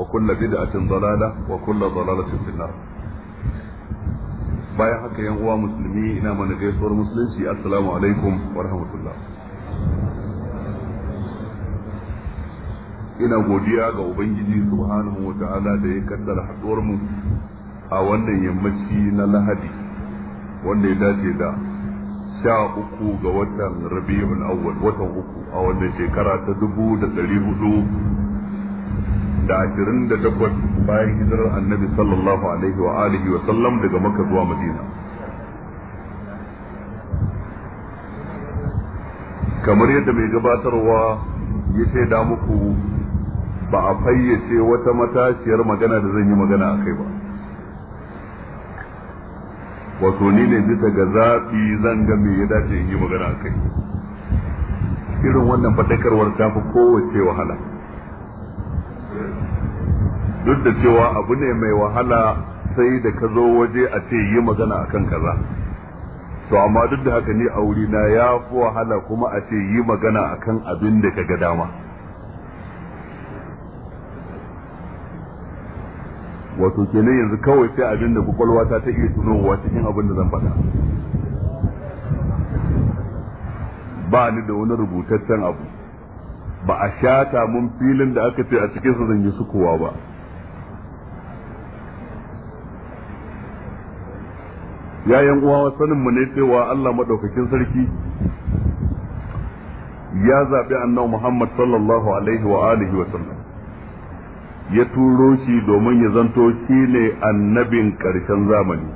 وكل بدعة ضلالة وكل ضلالة في النار bayan haka yan uwa musulmi ina mana gaisuwar musulunci assalamu alaikum wa ina godiya ga ubangiji subhanahu wa ta'ala da ya kaddara haduwar mu a wannan yammaci na lahadi wanda ya dace da sha uku ga watan rabi'ul awwal watan uku a wannan shekara ta dubu da ɗari hudu da ashirin da takwas bayan hijirar annabi sallallahu alaihi wa alihi wa sallam daga makka zuwa madina kamar yadda mai gabatarwa ya ce da muku ba a fayyace wata matashiyar magana da zan yi magana a kai ba wato ni ne bisa ga zaɓi zan ga me ya dace in yi magana a kai irin wannan fadakarwar ta fi kowace wahala duk da cewa abu ne mai wahala sai da ka zo waje a ce yi magana a kan kaza to amma duk da haka ni a wuri na ya fi wahala kuma a ce yi magana a kan abin da ka ga dama wato kenan yanzu kawai sai abin da kwakwalwa ta ta iya tunowa cikin abin da zan faɗa ba ni da wani rubutaccen abu ba a shata mun filin da aka ce a cikin su zan yi sukuwa ba ya yan uwa sanin mu ne cewa Allah madaukakin sarki ya zaɓi annabi Muhammad sallallahu alaihi wa alihi wa sallam ya turo shi domin ya zanto shi ne annabin ƙarshen zamani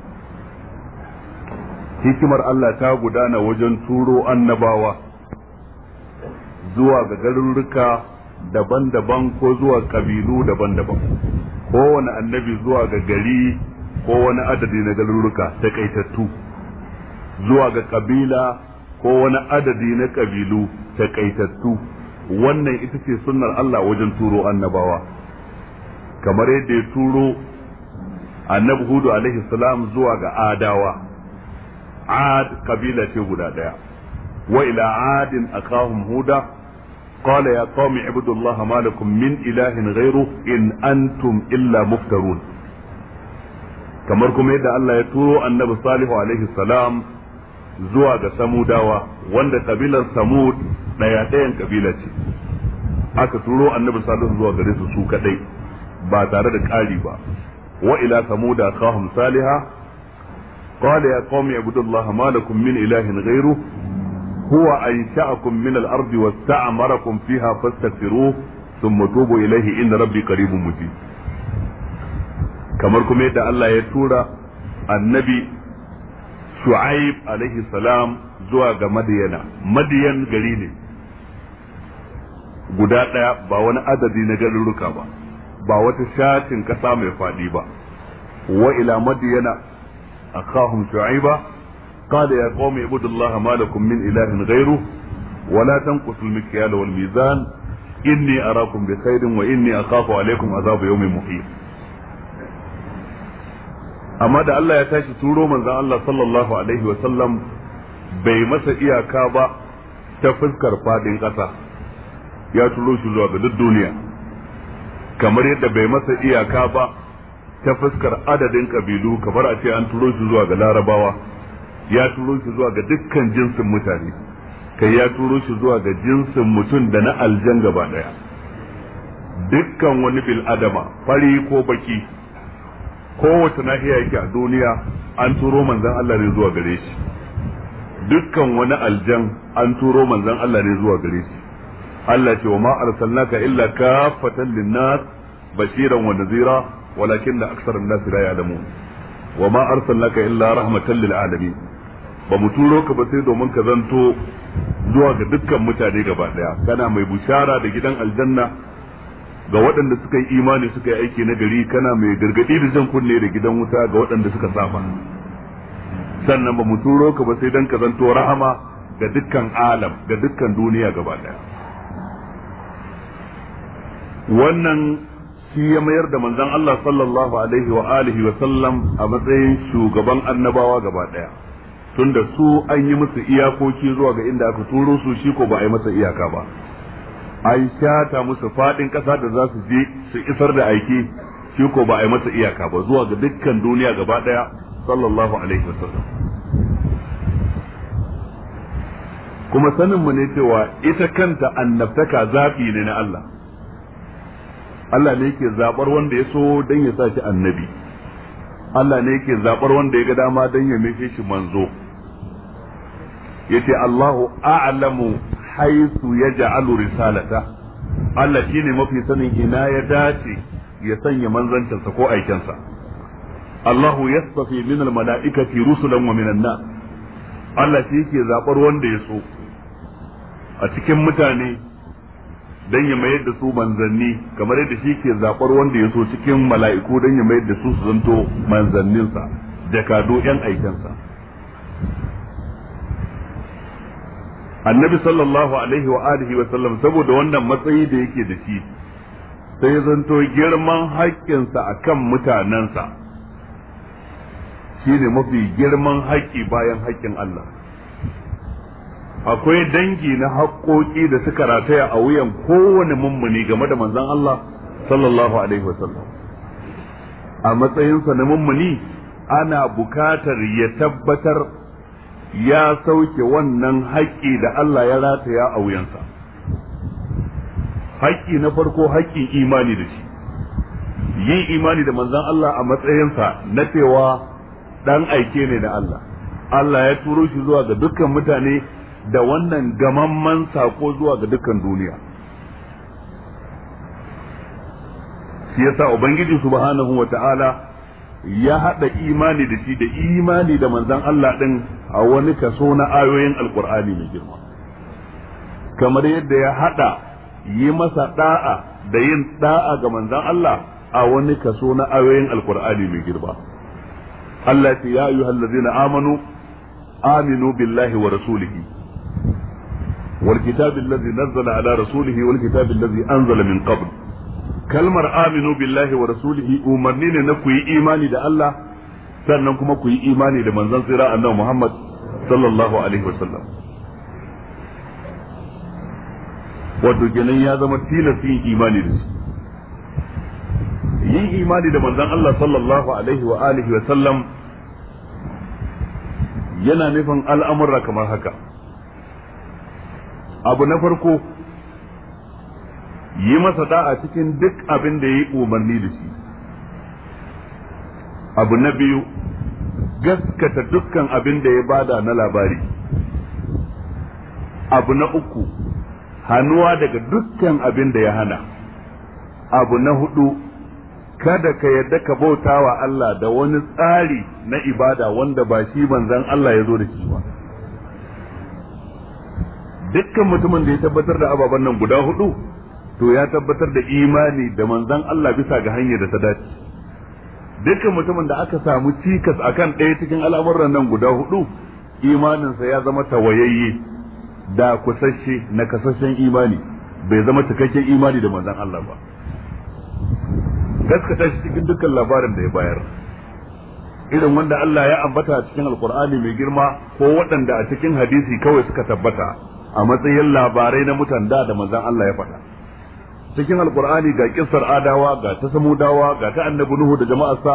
hikimar Allah ta gudana wajen turo annabawa zuwa ga garuruka daban-daban ko zuwa ƙabilu daban-daban kowane annabi zuwa ga gari ko wani adadi na garuruka takaitattu zuwa ga kabila ko wani adadi na kabilu takaitattu wannan ita ce sunnar Allah wajen turo annabawa kamar yadda ya turo annabi hudu alaihi salam zuwa ga adawa ad kabila ce guda ɗaya. wa ila adin akahum huda قال يا قوم اعبدوا الله ما لكم من إله غيره إن أنتم إلا مفترون kamar kuma yadda Allah ya turo annabi salihu alaihi salam zuwa ga samudawa wanda kabilar samud daya dayan kabila ce aka turo annabi salihu zuwa gare su su kadai ba tare da ƙari ba wa ila samuda kahum saliha qala ya qaumi ibudullaha ma lakum min ilahin ghayru huwa ansha'akum min al-ardi wasta'marakum fiha fastaghfiruhu thumma tubu ilayhi inna rabbi qaribun mujib kamar kuma yadda Allah ya tura annabi shu'aib alaihi salam zuwa ga madiyana madiyan gari ne guda ɗaya ba wani adadi na garuruka ba ba wata shatin ƙasa mai faɗi ba wa ila madiyana akahum shu'aiba قال يا قوم اعبدوا الله ما لكم من إله غيره ولا تنقصوا المكيال والميزان إني أراكم بخير وإني أخاف عليكم عذاب يوم محيط amma da Allah ya tashi turo manzon Allah sallallahu alaihi wa sallam bai masa iyaka ba ta fuskar fadin ƙasa ya turo shi zuwa ga duk duniya kamar yadda bai masa iyaka ba ta fuskar adadin kabilu kamar a ce an turo shi zuwa ga larabawa ya turo shi zuwa ga dukkan jinsin mutane kai ya turo shi zuwa ga jinsin mutum da na aljan gaba daya dukkan wani bil adama fari ko baki kowace nahiya yake a duniya an turo manzon Allah ne zuwa gare shi dukkan wani aljan an turo manzon Allah ne zuwa gare shi Allah ce wa ma arsalnaka illa kafatan linnas bashiran wa nadhira walakin da aksar an-nas la ya'lamun wa ma arsalnaka illa rahmatan lil alamin ba mu turo ka ba sai domin ka zanto zuwa ga dukkan mutane gaba daya kana mai bushara da gidan aljanna ga waɗanda suka yi imani suka yi aiki na gari kana mai gargaɗi da jan kunne da gidan wuta ga waɗanda suka saba sannan ba mu turo ka ba sai dan ka zanto rahama ga dukkan alam ga dukkan duniya gaba ɗaya wannan shi ya mayar da manzon Allah sallallahu alaihi wa alihi wa sallam a matsayin shugaban annabawa gaba ɗaya tunda su an yi musu iyakoki zuwa ga inda aka turo su shi ko ba a yi masa iyaka ba an shata musu fadin kasa da za su je su isar da aiki shi ko ba a masa iyaka ba zuwa ga dukkan duniya gaba daya sallallahu alaihi wasallam kuma sanin mu ne cewa ita kanta annabtaka zafi ne na Allah Allah ne yake zabar wanda ya so dan ya sa shi annabi Allah ne yake zabar wanda ya ga dama dan ya mishe shi manzo yace Allahu a'lamu haisu ya ja'alu risalata Allah shine mafi sanin ina ya dace ya sanya manzancinsa ko aikensa Allahu safi min almalaikati rusulan wa minan nas Allah shi yake zabar wanda ya so a cikin mutane dan ya mayar da su manzanni kamar yadda shi ke zabar wanda ya so cikin mala'iku dan ya mayar da su su zanto manzanninsa jakadu yan aikensa annabi sallallahu alaihi wa alihi wa sallam saboda wannan matsayi da yake da shi sai zanto girman haƙƙinsa akan mutanensa shine mafi girman haƙƙi bayan haƙƙin Allah akwai dangi na haƙƙoƙi da suka rataya a wuyan kowane mummuni game da manzon Allah sallallahu alaihi wa sallam a matsayinsa na mummuni ana bukatar ya tabbatar ya sauke wannan haƙƙi da Allah ya rataya a wuyansa haƙƙi na farko haƙƙin imani da shi yin imani da manzan Allah a matsayinsa na cewa ɗan aike ne da Allah Allah ya turo shi zuwa ga dukkan mutane da wannan gamamman sako zuwa ga dukkan duniya shi yasa ubangiji subhanahu wa ta'ala ya hada imani da shi da imani da manzon Allah din a wani kaso na ayoyin alkur'ani mai girma kamar yadda ya hada yi masa da'a da yin da'a ga manzon Allah a wani kaso na ayoyin alkur'ani mai girma Allah ya ayyuhallazina amanu aminu billahi wa rasulihi والكتاب nazzala ala rasulihi wal والكتاب الذي anzala min قبل kalmar aminu billahi wa rasulihi umarni ne na ku yi imani da Allah sannan kuma ku yi imani da manzon tsira annabi Muhammad sallallahu alaihi wasallam wato kenan ya zama tilas yin imani da su yin imani da manzon Allah sallallahu alaihi wa alihi wa sallam yana nufin al'amurra kamar haka abu na farko yi masa da'a cikin duk abin da ya yi umarni da shi abu na biyu gaskata dukkan abin da ya bada na labari abu na uku hannuwa daga dukkan abin da ya hana abu na hudu kada ka yadda ka bauta wa Allah da wani tsari na ibada wanda ba shi manzan Allah ya zo da shi ba dukkan mutumin da ya tabbatar da ababen nan guda hudu to ya tabbatar da imani da manzon Allah bisa ga hanyar da ta dace dukkan mutumin da aka samu cikas akan ɗaya cikin al'amuran nan guda hudu imaninsa ya zama tawayayye da kusasshe na kasashen imani bai zama cikakken imani da manzon Allah ba gaskata shi cikin dukkan labarin da ya bayar irin wanda Allah ya ambata a cikin alkur'ani mai girma ko waɗanda a cikin hadisi kawai suka tabbata a matsayin labarai na mutan da da manzon Allah ya faɗa cikin alqur'ani ga kissar adawa ga ta dawa ga ta annabi nuhu da jama'arsa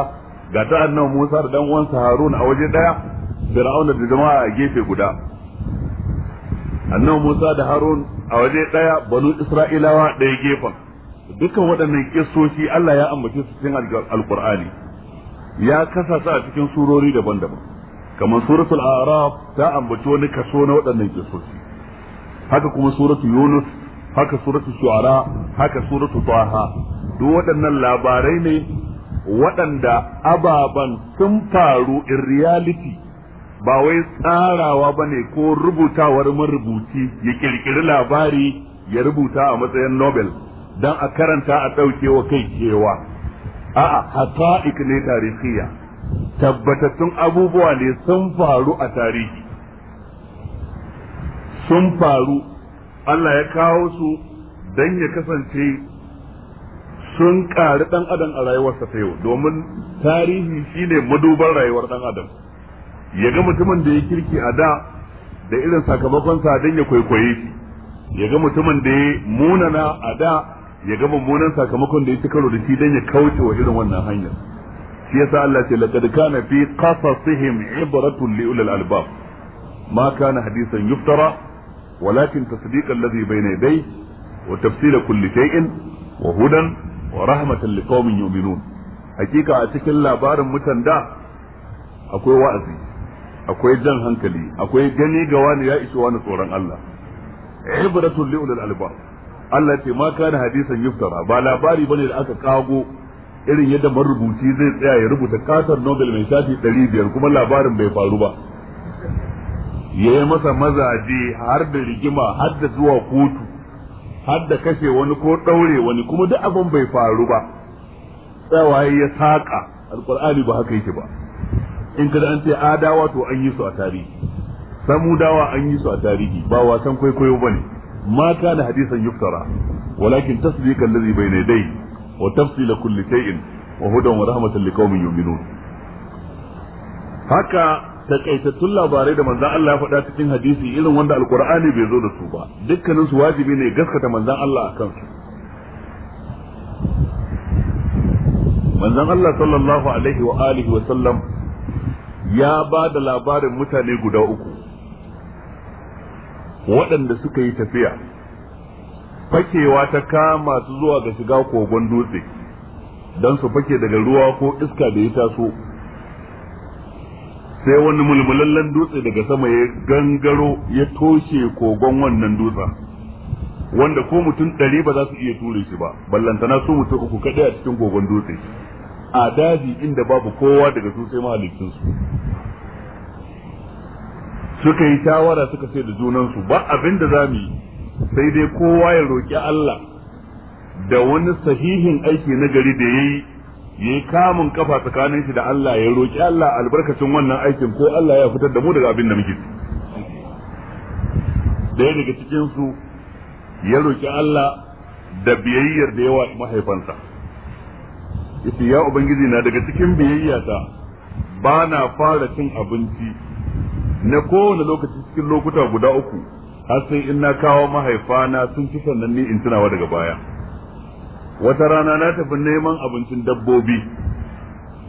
ga ta annabi musa da dan uwansa harun a waje daya fir'auna da jama'a a gefe guda annabi musa da harun a waje daya banu isra'ilawa daya gefen dukan waɗannan kissoshi Allah ya ambace su cikin alqur'ani ya kasa a cikin surori daban-daban kamar suratul a'raf ta ambaci wani kaso na waɗannan kissoshi haka kuma suratul yunus haka suratul shu'ara haka suratul taha duk waɗannan labarai ne waɗanda ababan sun faru in reality ba wai tsarawa bane ne ko rubutawar marubuci ya ƙirƙiri labari ya rubuta a matsayin nobel don a karanta a ɗaukewa kai cewa a'a hata'ik ne tarihiya tabbatattun abubuwa ne sun faru a tarihi sun faru Allah ya kawo su dan ya kasance sun ƙari ɗan adam a rayuwarsa ta yau domin tarihi shine maduban rayuwar ɗan adam ya ga mutumin da ya kirki a da da irin sa don ya kwaikwaye shi ya ga mutumin da ya munana a da ya ga mummunan sakamakon da ya ci karo da shi don ya kauce wa irin wannan hanyar shi yasa Allah ce laqad kana fi qasasihim ibratun li ulil albab ma kana hadisan yuftara walakin tasdiqa alladhi bayna dai wa tafsila kulli shay'in wa hudan wa rahmatan liqaumin yu'minun hakika a cikin labarin mutan da akwai wa'azi akwai jan hankali akwai gani ga wani ya na tsoron Allah ibratun li ulil albab Allah ce ma kana hadisan yuftara ba labari ba ne da aka kago irin yadda marubuci zai tsaya ya rubuta katar Nobel mai shafi biyar kuma labarin bai faru ba ya yi masa mazaje har da rigima har da zuwa kotu har da kashe wani ko ɗaure wani kuma duk abin bai faru ba tsawaye ya saƙa alƙur'ani ba haka yake ba in kada an ce adawa to an yi su a tarihi samudawa an yi su a tarihi ba wasan kwaikwayo ba ne Mata kana hadisan yuftara walakin tasdiqa allazi bayna dai. wa tafsila kulli shay'in wa hudan wa rahmatan liqaumin yu'minun haka takaitattun labarai da manzan Allah ya faɗa cikin hadisi irin wanda alkur'ani bai zo da su ba dukkanin su wajibi ne gaskata manzan Allah a kansu manzan Allah sallallahu alaihi wa alihi wa sallam ya ba da labarin mutane guda uku waɗanda suka yi tafiya fakewa ta kama su zuwa ga shiga kogon dutse don su fake daga ruwa ko iska da ya taso sai wani mulmulallen dutse daga sama ya gangaro ya toshe kogon wannan dutse. wanda ko mutum ɗari ba za su iya ture shi ba ballantana su mutu uku kaɗai a cikin kogon dutse a daji inda babu kowa daga su sai su suka yi shawara suka ce da su ba abin da za mu yi sai dai kowa ya roƙi Allah da wani sahihin aiki na gari da ya yi yayi kamun kafa tsakanin shi da Allah ya roƙi Allah albarkacin wannan aikin ko Allah ya fitar da mu daga abin da muke daya daga cikin su ya roƙi Allah da biyayyar da yawa mahaifansa yace ya ubangiji na daga cikin biyayyata ba na fara cin abinci na kowane lokaci cikin lokuta guda uku har sai in na kawo mahaifana sun ci sannan ni in tunawa daga baya wata rana na tafi neman abincin dabbobi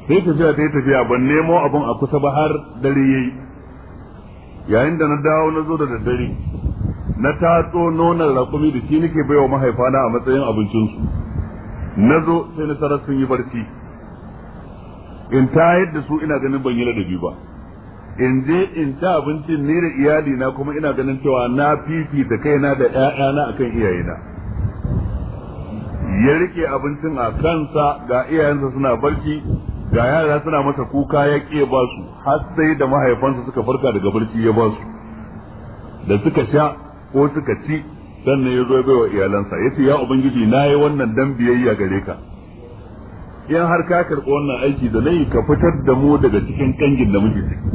sai tafiya ta yi tafiya ban nemo abin a kusa ba har dare yayi yayin da na dawo na zo da daddare na tatso nonon rakumi da shi nake baiwa mahaifana a matsayin abincinsu na zo sai na tarar sun yi barci in tayar da su ina ganin ban yi ladabi ba in je in ta abincin ni da iyali na kuma ina ganin cewa na fifita kaina da 'ya'yana akan iyayena ya rike abincin a kansa ga iyayensa suna barci ga yara suna masa kuka ya ƙi ba su har sai da mahaifansa suka farka daga barci ya ba su da suka sha ko suka ci sannan ya zo ya baiwa iyalansa ya ce ya ubangiji na yi wannan dan biyayya gare ka in har ka karɓi wannan aiki da nayi ka fitar da mu daga cikin kangin da muke ciki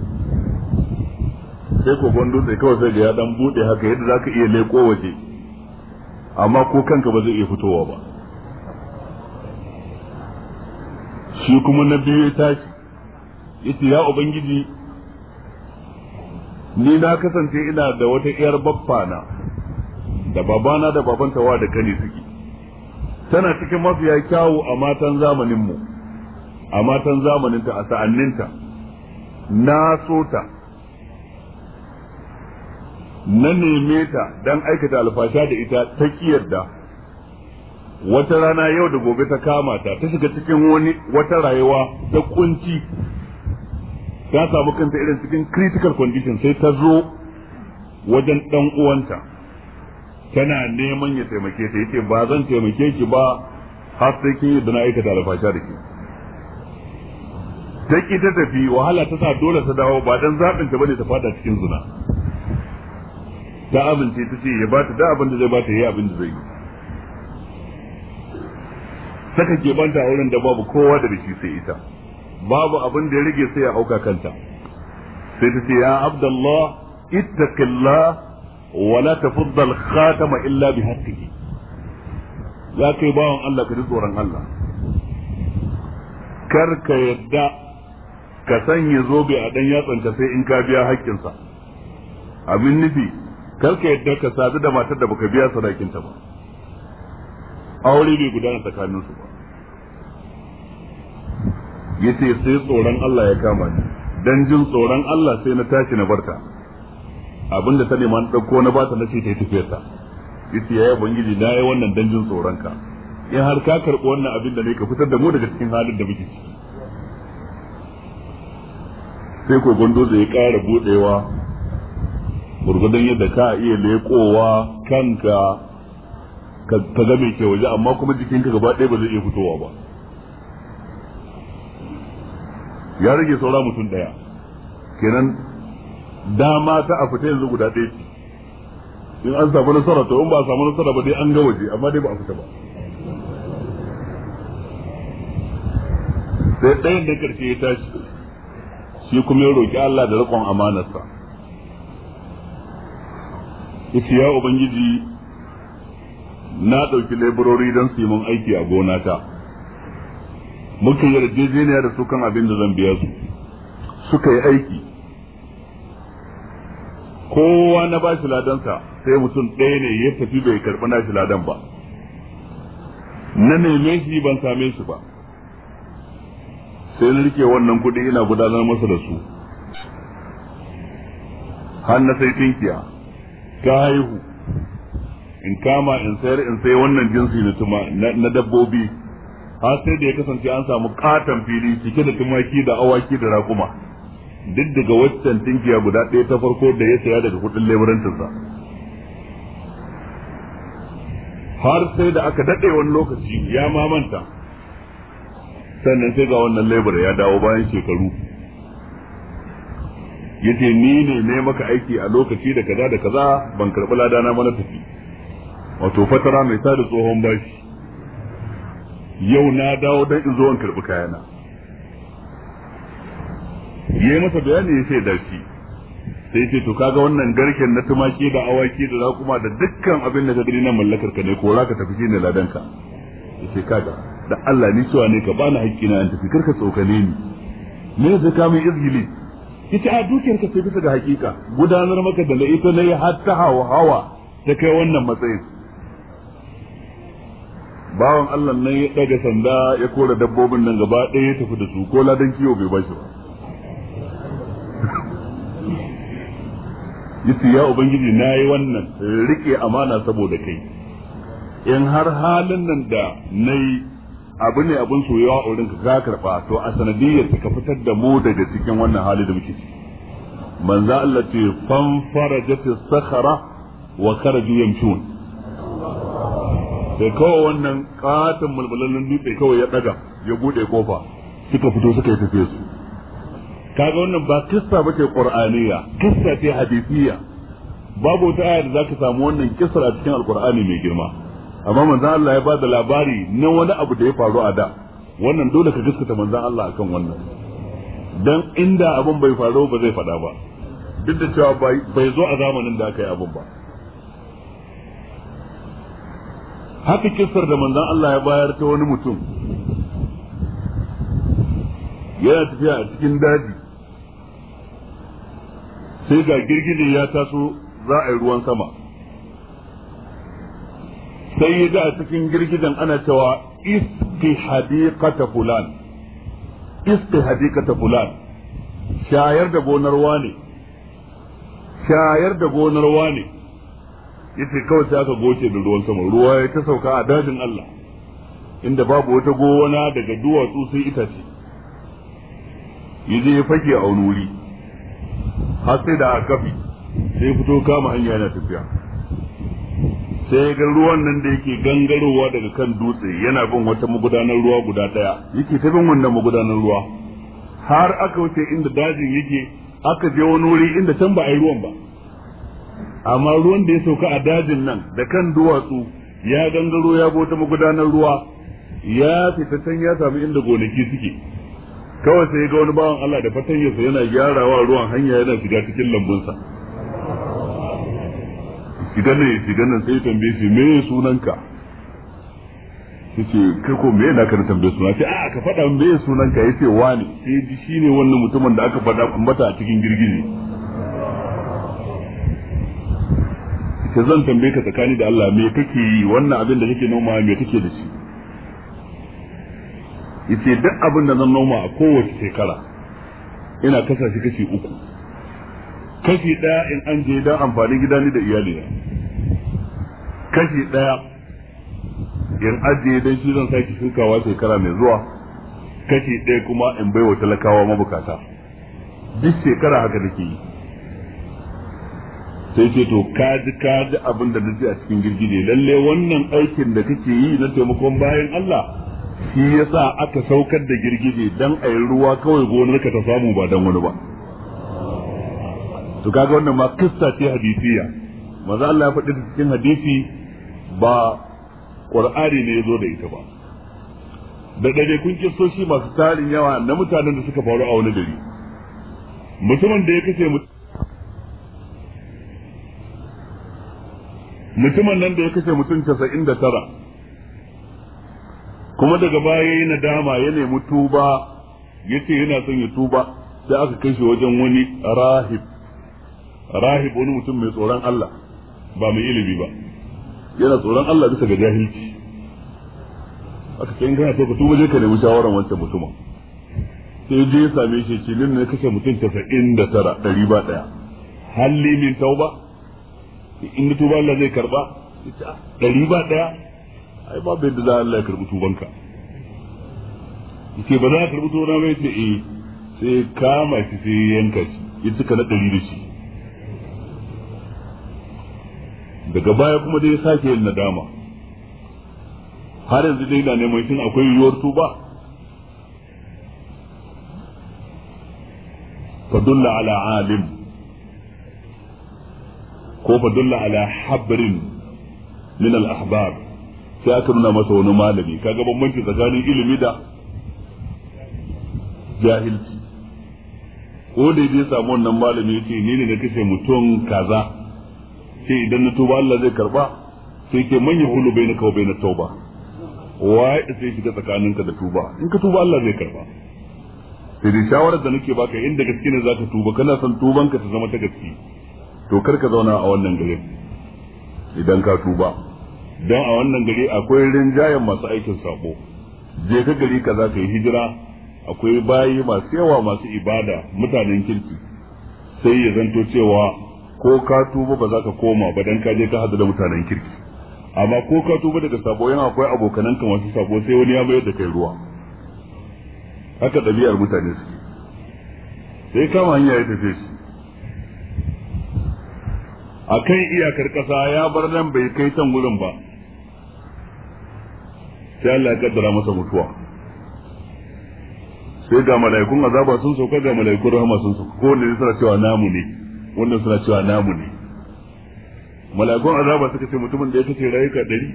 sai ko gondo kawai sai da ya dan bude haka yadda ka iya leko waje amma ko kanka ba zai iya fitowa ba shi kuma na biyu ya tashi ce ya ubangiji ni na kasance ina da wata iyar baffana da babana da babanta wa da kani suke tana cikin mafiya kyawu a matan zamanin mu a matan zamaninta a sa'anninta na so ta na neme ta don aikata alfasha da ita ta yarda. wata rana yau da gobe ta kama ta ta shiga cikin wani wata rayuwa ta kunci ta samu kanta irin cikin critical condition sai ta zo wajen dan uwanta tana neman ya taimake ta yace ba zan taimake ki ba har sai kin yadda na aikata alfasha da ke ta ki ta tafi wahala ta sa dole ta dawo ba dan zaɓin ta bane ta fada cikin zina ta amince ta ce ya ba ta da abin da zai ba ta yi abin da zai yi saka kebanta a wurin da babu kowa da shi sai ita babu abin da ya rage sai ya auka kanta sai ta ce ya abdallah ittaqillah wa la khatama illa bi haqqihi ya kai bawan Allah ka ji tsoron Allah kar ka yadda ka sanya zobe a dan yatsanka sai in ka biya haƙƙinsa abin nufi kar ka yadda ka sadu da matar da baka biya sadakinta ba aure bai gudana tsakanin su ba yace sai tsoron Allah ya kama ni dan jin tsoron Allah sai na tashi na barta abinda ta nema dauko na bata na ce ta tafiyar ta yace yayi bangiji na yi wannan dan jin tsoron ka in har ka karɓi wannan abin da ne ka fitar da mu daga cikin halin da muke ciki sai ko gondozo ya ƙara buɗewa gurgudan yadda ka iya lekowa kanka ka ga mai ke waje amma kuma jikinka gaba ɗaya ba zai iya fitowa ba ya rage saura mutum ɗaya kenan dama ta a fita yanzu guda ɗaya in an samu nasara to in ba a samu nasara ba dai an ga waje amma dai ba a fita ba sai ɗayan da ƙarshe ya tashi shi kuma ya roƙi Allah da riƙon amanarsa yace ya ubangiji na ɗauki laborori don su yi mun aiki a gonata Mutum yarjejeniya da su kan abin da zan biya su suka yi aiki kowa na ba shi ladansa sai mutum ɗaya ne ya tafi bai karɓi na shi ladan ba na neme shi ban same shi ba sai na rike wannan kuɗi ina gudanar masa da su har na sai tinkiya ta haihu in kama in sayar in sai wannan jinsi na tuma na dabbobi har sai da ya kasance an samu katon fili cike da tumaki da awaki da rakuma duk daga waccan tinkiya guda ɗaya ta farko da ya saya daga kudin leburantinsa har sai da aka daɗe wani lokaci ya mamanta sannan sai ga wannan lebur ya dawo bayan shekaru yace ni ne ne maka aiki a lokaci da kaza da kaza ban karɓi ladana ba na tafi wato fatara mai sada tsohon bashi yau na dawo don in zo in karɓi kayana ya yi masa bayani ya ce dashi sai ce to kaga wannan garken na tumaki da awaki da raƙuma da dukkan abin da ka gani na mallakar ka ne ko za ka tafi shi ne ladanka ya ce kaga da Allah ni cewa ne ka bani haƙƙi na tafi karka tsokane ni me zai ka izgili yace a dukiyar ka sai bisa ga hakika gudanar maka da la'ita na yi hatta hawa hawa ta kai wannan matsayin bawan Allah nan ya daga sanda ya kora dabbobin nan gaba ɗaya ya tafi da su ko ladan kiwo bai bashi ba yace ya ubangiji na yi wannan rike amana saboda kai in har halin nan da na yi abu ne abin soyawa a wurin ka karɓa to a sanadiyyar ka fitar da mu daga cikin wannan hali da muke ciki manza Allah ce fanfara jafi sakara wa kharaju yamshun sai kawai wannan katon mulmulallen dutse kawai ya daga ya bude kofa suka fito suka yi tafiye su kaga wannan ba kissa ba ce qur'aniya kissa ce hadisiya babu wata aya da zaka samu wannan kissa a cikin alqur'ani mai girma amma manzon Allah ya bada labari na wani abu da ya faru a da wannan dole ka gaskata manzon Allah akan wannan dan inda abun bai faru ba zai fada ba duk da cewa bai zo a zamanin da aka yi abun ba haka kissar da manzon Allah ya bayar ta wani mutum yana tafiya a cikin daji sai ga girgije ya taso za a yi ruwan sama sai ya ga a cikin girgijen ana cewa iski hadikata fulan fulan shayar da gonar wane shayar da gonar wane yace kawai sai aka goce da ruwan sama ruwa ya ta sauka a dajin Allah inda babu wata gowana daga duwatsu sai itace yaje ya fake a wuri har sai da kafi sai fito kama hanya na tafiya sai ga ruwan nan da yake gangarowa daga kan dutse yana bin wata magudanar ruwa guda daya yake ta bin wannan magudanar ruwa har aka wuce inda dajin yake aka je wani wuri inda can ba a yi ruwan ba amma ruwan da ya sauka a dajin nan da kan duwatsu ya gangaro ya bota magudanar ruwa ya fita can ya sami inda gonaki suke kawai sai ga wani bawan Allah da fatanyarsa yana gyarawa ruwan hanya yana shiga cikin lambunsa idan ne shiga nan sai tambaye shi me sunanka yace kai ko me naka na tambaye suna sai a ka faɗa me sunanka yace wani sai shine wannan mutumin da aka faɗa kumbata a cikin girgije Ka zan tambaye ka tsakani da Allah me kake yi wannan abin da kake noma me kake da shi yace duk abin da zan noma a kowace shekara ina kasa shi kashi uku kashi daya in an je dan amfanin gida ni da iyali na kashi daya in ajiye dan shi zan sake shukawa shekara mai zuwa kashi daya kuma in baiwa talakawa mabukata duk shekara haka nake yi sai ce to ka ji ka ji abin da nake a cikin girgije lalle wannan aikin da kake yi na taimakon bayan Allah shi yasa aka saukar da girgije dan a yi ruwa kawai gonar ka ta samu ba dan wani ba to kaga wannan ma kissa ce hadisiya manzo Allah ya faɗi cikin hadisi ba Qur'ani ne yazo da ita ba da dade kun shi masu tarin yawa na mutanen da suka faru a wani gari mutumin da ya kace mutum mutumin nan da ya kashe mutum casa'in da tara kuma daga baya yi nadama ya nemi tuba ya ce yana son ya tuba sai aka kai shi wajen wani rahib rahib wani mutum mai tsoron Allah ba mai ilimi ba yana tsoron Allah bisa ga jahilci aka ce in kana so ka tuba je ka nemi shawaran wancan mutumin sai je ya same shi ce ne kashe mutum casa'in da tara ɗari ba ɗaya halli min tauba in ni tuba Allah zai karba ah, ɗari ba ɗaya ai ba bai da za Allah ya karbi tubanka yace ba za ka karbi tubanka ba yace eh sai kama shi sai yanka shi ya cika na ɗari da shi daga baya kuma dai sake yin nadama har yanzu dai na neman shin akwai yiwuwar tuba fadulla ala alim ko fa dulla ala habrin min al ahbar sai aka nuna masa wani malami kaga bambanci tsakanin ilimi da jahilci ko da ya samu wannan malami yace ni ne na kashe mutum kaza sai idan na tuba Allah zai karba sai ke manya hulu bai na kawo bai na tauba wai sai shiga tsakaninka da tuba in ka tuba Allah zai karba sai dai shawarar da nake baka inda gaske ne zaka tuba kana son tuban ka ta zama ta gaske to kar ka zauna a wannan gari idan ka tuba don a wannan gari akwai rinjayen masu aikin sabo je ka gari ka za ka yi hijira akwai bayi masu yawa masu ibada mutanen kirki sai ya zanto cewa ko ka tuba ba za ka koma ba dan ka je ka hadu da mutanen kirki amma ko ka tuba daga sabo yana akwai abokananka masu sabo sai wani ya bayar da kai ruwa haka ɗabi'ar mutane suke sai kama hanya ya tafi shi a kan iyakar ƙasa ya bar nan bai kai can wurin ba sai Allah ya kaddara masa mutuwa sai ga mala'ikun azaba sun sauka ga mala'ikun rahama sun sauka ko wanda suna cewa namu ne wannan suna cewa namu ne mala'ikun azaba suka ce mutumin da ya kace rayuka ɗari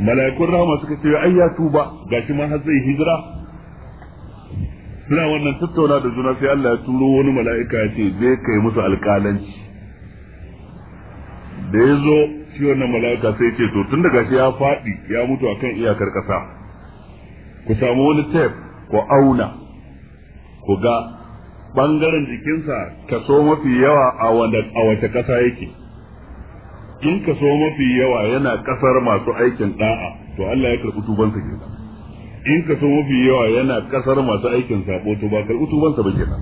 mala'ikun rahama suka ce ai ya tuba gashi ma har zai hijira suna wannan tattauna da juna sai Allah ya turo wani mala'ika ya ce zai kai musu alƙalanci da ya zo shi wannan mala'ika sai ce to tun daga shi ya faɗi ya mutu a kan iyakar ƙasa ku samu wani tef ku auna ku ga ɓangaren jikinsa kaso mafi yawa a wace ƙasa yake in kaso mafi yawa yana ƙasar masu aikin ɗa'a to Allah ya karɓi tubansa kenan in ka so mafi yawa yana kasar masu aikin sabo to ba karɓi tubansa ba kenan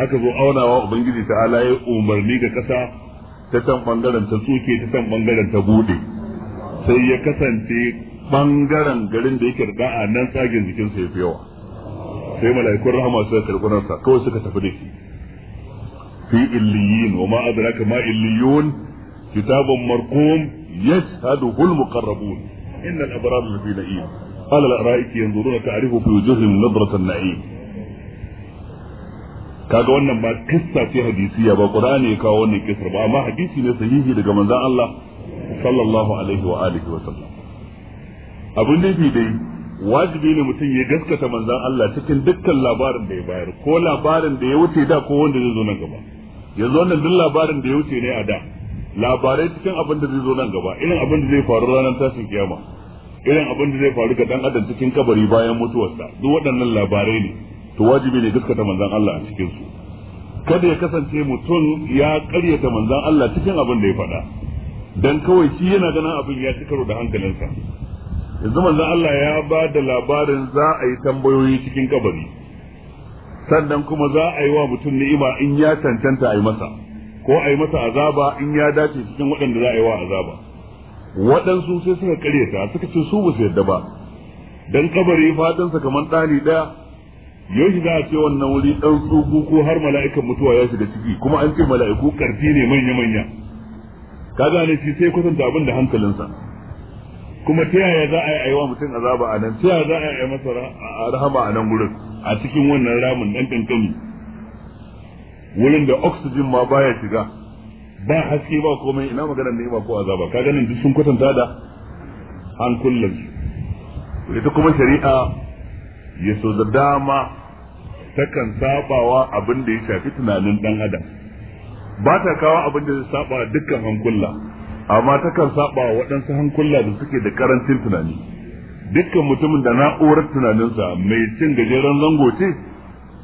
aka zo aunawa ubangiji ta ala ya umarni ga kasa ta san bangaren ta tsuke ta san bangaren ta bude sai ya kasance bangaren garin da yake da a nan tsagen jikinsa ya fi yawa sai mala'ikun rahama suka karɓi ransa kawai suka tafi da shi fi illiyin wa ma adraka ma illiyun kitabun marqum yashhaduhu muqarrabun innal abrar na'im قال al-ara'iki yanzuruna ta'rifu fi wujuhihim nadratan kaga wannan ba kissa ce hadisiya ba qur'ani ya kawo wannan kissa ba amma hadisi ne sahihi daga manzon Allah sallallahu alaihi wa alihi wa sallam abin da yake dai wajibi ne mutum ya gaskata manzon Allah cikin dukkan labarin da ya bayar ko labarin da ya wuce da ko wanda zai zo nan gaba yanzu wannan duk labarin da ya wuce ne a da labarai cikin abin da zai zo nan gaba irin abin da zai faru ranar tashin kiyama irin abin da zai faru ga dan adam cikin kabari bayan mutuwarsa duk waɗannan labarai ne to wajibi ne gaskata manzon Allah a cikin su kada ya kasance mutum ya ƙaryata manzon Allah cikin abin da ya faɗa dan kawai shi yana ganin abin ya ci karo da hankalinsa yanzu manzon Allah ya ba da labarin za a yi tambayoyi cikin kabari sannan kuma za a yi wa mutum ni'ima in ya cancanta a yi masa ko a yi masa azaba in ya dace cikin waɗanda za a yi wa azaba waɗansu sai suka karyata suka ce su ba su yarda ba dan kabari fatansa kamar ɗali ɗaya yau shi za a ce wannan wuri ɗan tsugu ko har mala'ikan mutuwa ya shiga ciki kuma an ce mala'iku ƙarfi ne manya-manya kaga ne shi sai kwatanta abin da hankalinsa kuma ta yaya za a yi aiwa mutum azaba a nan ta yaya za a yi masa rahama a nan gurin a cikin wannan ramin ɗan kankani wurin da oxygen ma baya shiga ba haske ba komai ina magana ne ba ko azaba ka ganin duk sun kwatanta da an kullum ita kuma shari'a ya so da dama takan sabawa abin da ya shafi tunanin dan adam ba ta kawo abin da zai saba dukkan hankula amma takan saba waɗansu hankula da suke da karancin tunani dukkan mutumin da na'urar tunaninsa mai cin gajeren zango ce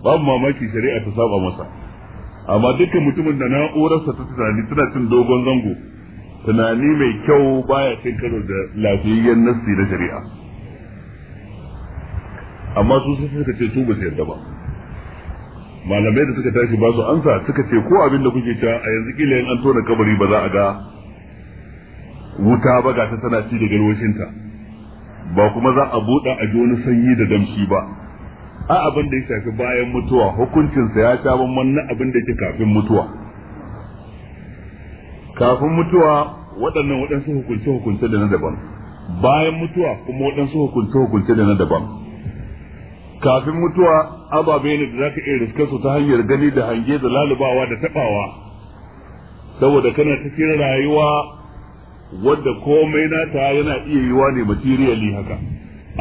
babu mamaki shari'a ta saba masa amma dukkan mutumin da na'urarsa ta tunani tana cin dogon zango tunani mai kyau baya cin karo da lafiyayyen nassi na shari'a amma su sai suka ce su ba su yarda ba malamai da suka tashi ba su ansa suka ce ko abin da kuke ta a yanzu kila yin an tona kabari ba za a ga wuta ba ga ta tana ci da garwashinta ba kuma za a buɗa a ji wani sanyi da damshi ba a abin da ya shafi bayan mutuwa hukuncinsa ya sha ban wannan abin da yake kafin mutuwa kafin mutuwa waɗannan waɗansu hukunce-hukunce da na daban bayan mutuwa kuma waɗansu hukunce-hukunce da na daban kafin mutuwa ababe ne da za ka iya riskar su ta hanyar gani da hange da lalubawa da taɓawa saboda kana cikin rayuwa wadda komai na ta yana iya yiwa ne materially haka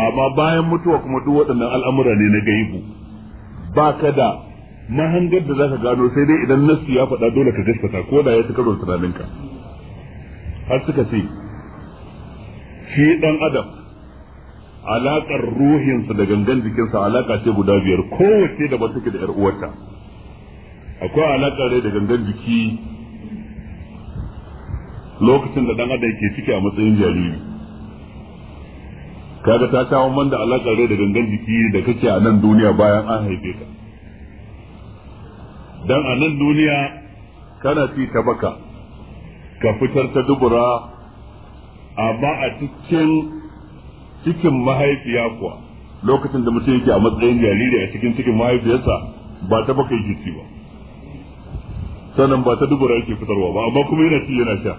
amma bayan mutuwa kuma duk waɗannan al'amura ne na gaibu ba ka da mahangar da zaka gano sai dai idan nasu ya faɗa dole ka gaskata ko da ya ci karo tunaninka har suka ce shi ɗan adam alaƙar ruhinsa da gangan jikinsa alaƙa ce guda biyar kowace da ban take da ‘yar uwarta akwai alaƙa rai da gangan jiki lokacin da ɗan adam ke ciki a matsayin jariri kaga ta kawo man da alaƙar rai da gangan jiki da kake a nan duniya bayan an haife ka dan a nan duniya kana ci ta baka ka fitar ta dubura amma a cikin cikin mahaifiya kuwa lokacin da mutum yake a matsayin jariri a cikin cikin mahaifiyarsa ba ta baka yake jiki ba sannan ba ta dubura yake fitarwa ba amma kuma yana ci yana sha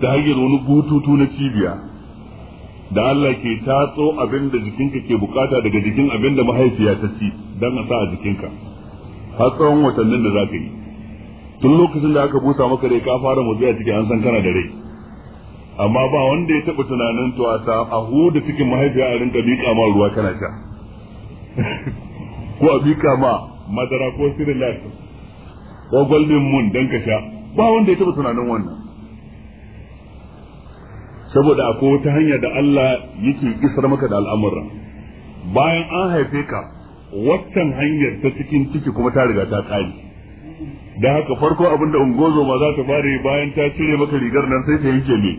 ta hanyar wani bututu na cibiya da Allah ke tatso abin da jikinka ke bukata daga jikin abin da mahaifiya ta ci don a sa a jikinka har tsawon watannin da za ka yi tun lokacin da aka busa maka rai ka fara motsi a ciki an san kana da rai amma ba wanda ya taɓa tunanin to a a huda cikin mahaifiya a rinka miƙa ma ruwa kana sha ko a miƙa ma madara ko sirilat ko golden moon don ka sha ba wanda ya taɓa tunanin wannan saboda akwai wata hanya da Allah yake isar maka da al'amuran bayan an haife ka waccan hanyar ta cikin ciki kuma ta riga ta kare da haka farko abinda ungozo ma za ta fare bayan ta cire maka rigar nan sai ta yanke ne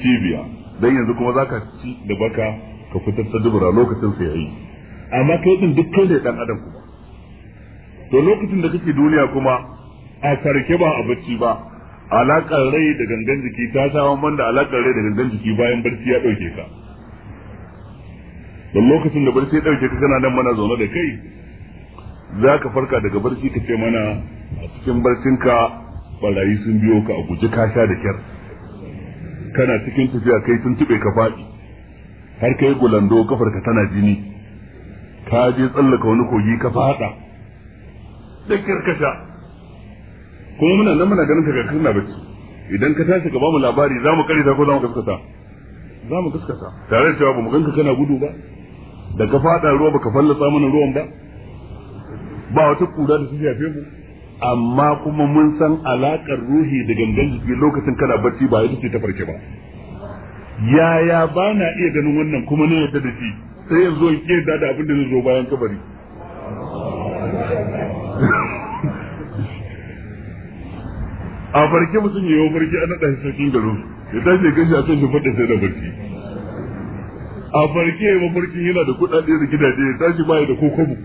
cibiya dan yanzu kuma za ka ci da baka ka fitar ta dubura lokacin sai yayi amma kai din duk kai ne dan adam kuma to lokacin da kake duniya kuma a sarke ba a bacci ba alakar rai da gangan jiki ta sha wanda alakar rai da gangan jiki bayan barci ya dauke ka da lokacin da barci ya dauke ka kana nan mana zaune da kai za ka farka daga barci ka ce mana a cikin barcinka barayi sun biyo ka a guji ka sha da kyar kana cikin tafiya kai sun tube ka faɗi har kai gulando kafar ka tana jini ka je tsallaka wani kogi ka faɗa da sha. kuma muna nan muna ganin ka kana bacci idan ka tashi ka bamu labari za mu ta ko za mu kaskata za mu kaskata tare da cewa ba mu ganka kana gudu ba da ka fada ruwa ba ka fallasa mana ruwan ba ba wata kura da ta shafe mu amma kuma mun san alakar ruhi da gangan jiki lokacin kana bacci ba yadda ce ta farke ba yaya ba na iya ganin wannan kuma ne yadda da shi sai yanzu in ke da abin da zai zo bayan kabari a farke mutum ya yi farki an naɗa shi sarkin garin ya tashi ya kashi a can shi faɗa sai da farki a farke ya mafarkin yana da kuɗaɗe da gidaje ya tashi baya da kokobu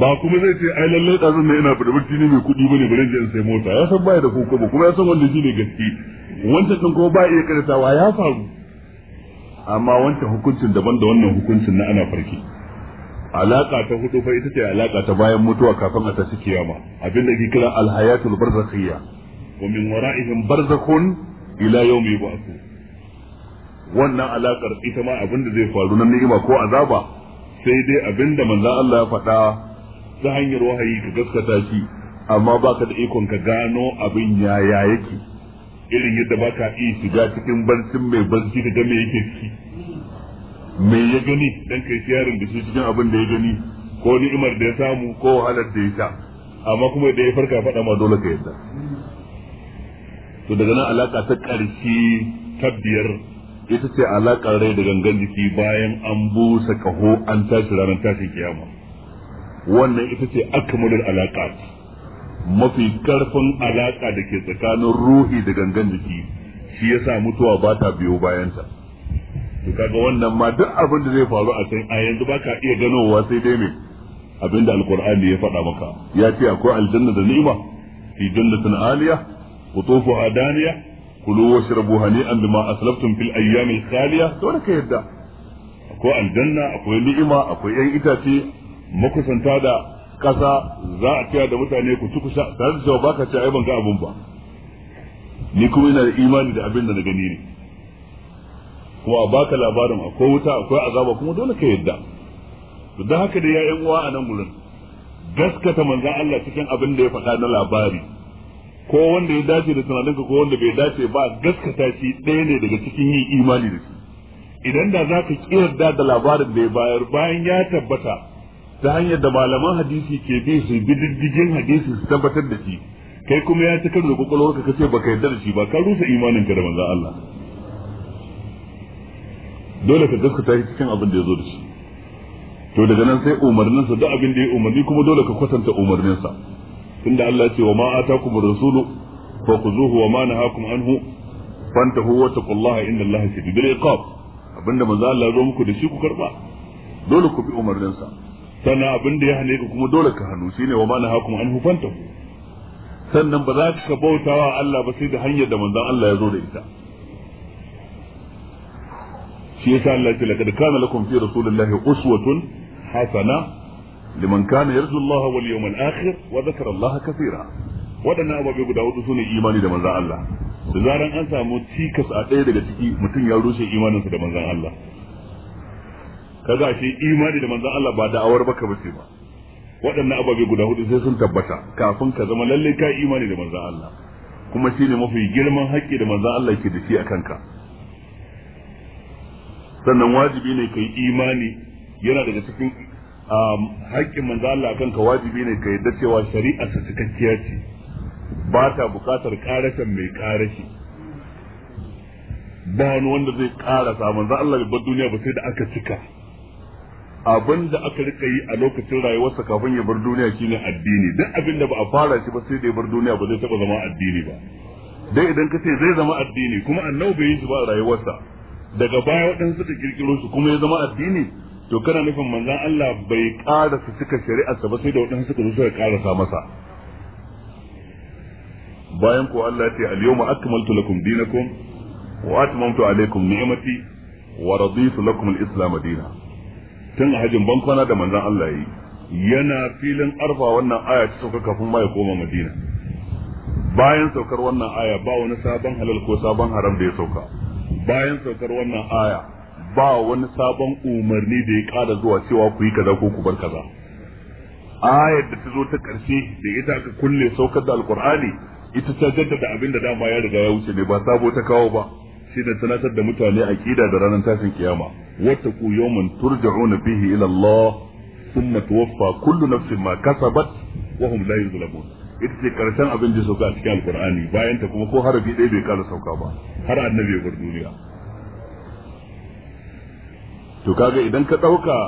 ba kuma zai ce ai lallai ɗazun na yana da barci ne mai kuɗi bane bari in sai mota ya san baya da kokobu kuma ya san wanda shi ne gaske wancan ɗin kuma ba iya karatawa ya faru amma wancan hukuncin daban da wannan hukuncin na ana farki. alaka ta hudu fa ita ce alaka ta bayan mutuwa kafin a tashi kiyama Abin da ke kira alhayatul barzakhiyya wa min wara'ihim barzakhun ila yawmi yub'athun wannan alakar ita ma abin da zai faru na ni'ima ko azaba sai dai abinda manzo Allah ya faɗa ta hanyar wahayi ka gaskata shi amma baka da ikon ka gano abin yaya yake irin yadda baka iya shiga cikin barcin mai barci ka ga me yake ciki me ya gani dan kai sharing da shi cikin abin da ya gani ko ni'imar da ya samu ko wahalar da ya sha amma kuma da ya farka faɗa ma dole ka yadda to daga nan alaka ta ƙarshe ta biyar ita ce alakar rai da gangan jiki bayan an busa kaho an tashi ranar tashin kiyama wannan ita ce akmalul alaƙa mafi ƙarfin alaƙa da ke tsakanin ruhi da gangan jiki shi yasa mutuwa ba ta biyo bayanta to kaga wannan ma duk abin da zai faru a can a yanzu baka iya ganowa sai dai me abin da alqur'ani ya faɗa maka ya ce akwai aljanna da ni'ima fi jannatin aliya qutufu adaniya kulu washrabu hani'an bima aslaftum fil ayyamil khaliya ne ka yadda akwai aljanna akwai ni'ima akwai yan itace makusanta da kasa za a tsaya da mutane ku ci sha tare da cewa baka ci ai ban ga abun ba ni kuma ina da imani da abin da na gani ne kuma a baka labarin akwai wuta akwai azaba kuma dole ka yadda to dan haka da ya yan uwa a nan gurin gaskata manzon Allah cikin abin da ya faɗa na labari ko wanda ya dace da tunaninka ko wanda bai dace ba gaskata shi ɗaya ne daga cikin yin imani da shi idan da za ka yarda da labarin da ya bayar bayan ya tabbata ta hanyar da malaman hadisi ke bi su bi diddigin hadisi su tabbatar da shi kai kuma ya ci karo da kwakwalwarka ka ce baka yarda da shi ba ka rusa ka da manzon Allah dole ka gaskata shi cikin abin da ya zo da shi to daga nan sai umarninsa duk abin da ya umarni kuma dole ka kwatanta umarninsa tunda Allah ya ce wa ma atakum rasulu fa khuzuhu wa ma nahakum anhu fantahu wa taqullaha inna Allaha shadidul iqab abinda manzo Allah ya zo muku da shi ku karba dole ku bi umarninsa sannan abin da ya hane ku kuma dole ka hannu shine wa ma nahakum anhu fantahu sannan ba za ka bautawa Allah ba sai da hanyar da manzon Allah ya zo da ita shi yasa Allah ya laqad kana lakum fi rasulillahi uswatun hasana liman kana yarju Allah wal yawmal akhir wa dhakara Allah kaseera wadannan ababe guda hudu sune imani da manzon Allah da zaran an samu cikas a ɗaya daga ciki mutum ya rushe imaninsa da manzon Allah kaga shi imani da manzon Allah ba da'awar baka bace ba waɗannan ababe guda hudu sai sun tabbata kafin ka zama lalle ka imani da manzon Allah kuma shine mafi girman haƙƙi da manzon Allah ke da shi a kanka sannan wajibi ne kai imani yana daga cikin um, haƙƙin manzo Allah kan ka wajibi ne ka da cewa shari'a ta cikakkiya ce ba ta buƙatar ƙarashin mai ƙarashi ba wani wanda zai ƙarasa manzo Allah ya bar duniya ba sai da aka cika abin da aka rika yi a lokacin rayuwarsa kafin ya bar duniya shine addini duk abin da ba a fara shi ba sai da ya bar duniya ba zai taɓa zama addini ba dai idan ka ce zai zama addini kuma annabi bai yi shi ba a rayuwarsa daga baya waɗansu suka kirkiro kuma ya zama addini to kana nufin manzan Allah bai ƙara su cika shari'arsa ba sai da waɗansu suka zo suka ƙarasa masa bayan ko Allah ya ce al-yawma akmaltu lakum dinakum wa atmamtu alaykum ni'mati wa raditu lakum al-islam dinan tun hajin bankwana da manzan Allah yi yana filin arfa wannan aya ta sauka kafin ma ya koma madina bayan saukar wannan aya ba wani sabon halal ko sabon haram da ya sauka bayan saukar wannan aya ba wani sabon umarni da ya kada zuwa cewa ku yi kaza ko ku bar kaza ayar da ta zo ta ƙarshe da ita aka kulle saukar da alkur'ani ita ta jaddada abin da dama ya riga ya wuce ne ba sabo ta kawo ba shi da tunatar da mutane aqida da ranar tashin kiyama wattaqu yawman turja'una fihi ila Allah thumma tuwaffa kullu nafsin ma kasabat wa hum la yuzlamun ita ce karshen abin da sauka a cikin alkur'ani bayan ta kuma ko harafi ɗaya bai kara sauka ba har annabi ya bar duniya to kaga idan ka ɗauka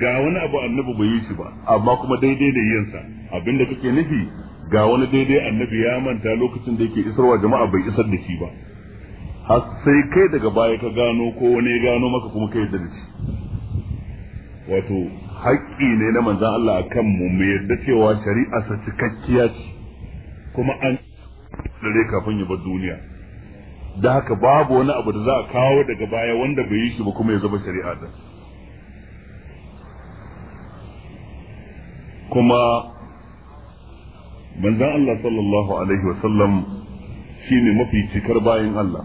ga wani abu annabi bai yi shi ba amma kuma daidai da yinsa abinda kake nufi ga wani daidai annabi ya manta lokacin da yake isarwa jama'a bai isar da shi ba har sai kai daga baya ka gano ko wani gano maka kuma kai da shi wato haƙƙi ne na manzan Allah a kan mu yadda cewa shari'a sa cikakkiya ce kuma an dare kafin ya bar duniya da haka babu wani abu da za a kawo daga baya wanda bai yi shi ba kuma ya zama shari'a da kuma manzan Allah sallallahu alaihi wasallam ne mafi cikar bayan Allah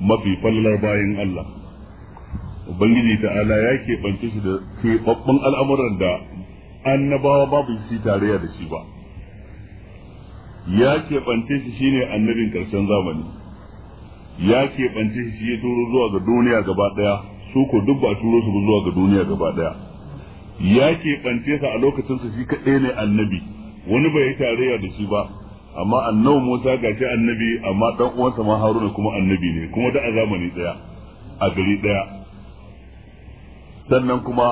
mafi fallar bayan Allah ubangiji ta'ala ya ke banke shi da keɓaɓɓen al'amuran da annabawa babu shi tarayya da shi ba ya ke keɓance shi shine annabin ƙarshen zamani ya ke banke shi shi ya turo zuwa ga duniya gaba daya su ko duk ba a turo su zuwa ga duniya gaba daya ya banke sa a lokacinsa shi kaɗai ne annabi wani bai yi tarayya da shi ba amma annabi Musa gashi annabi amma dan uwansa ma Haruna kuma annabi ne kuma da a zamani daya a gari daya sannan kuma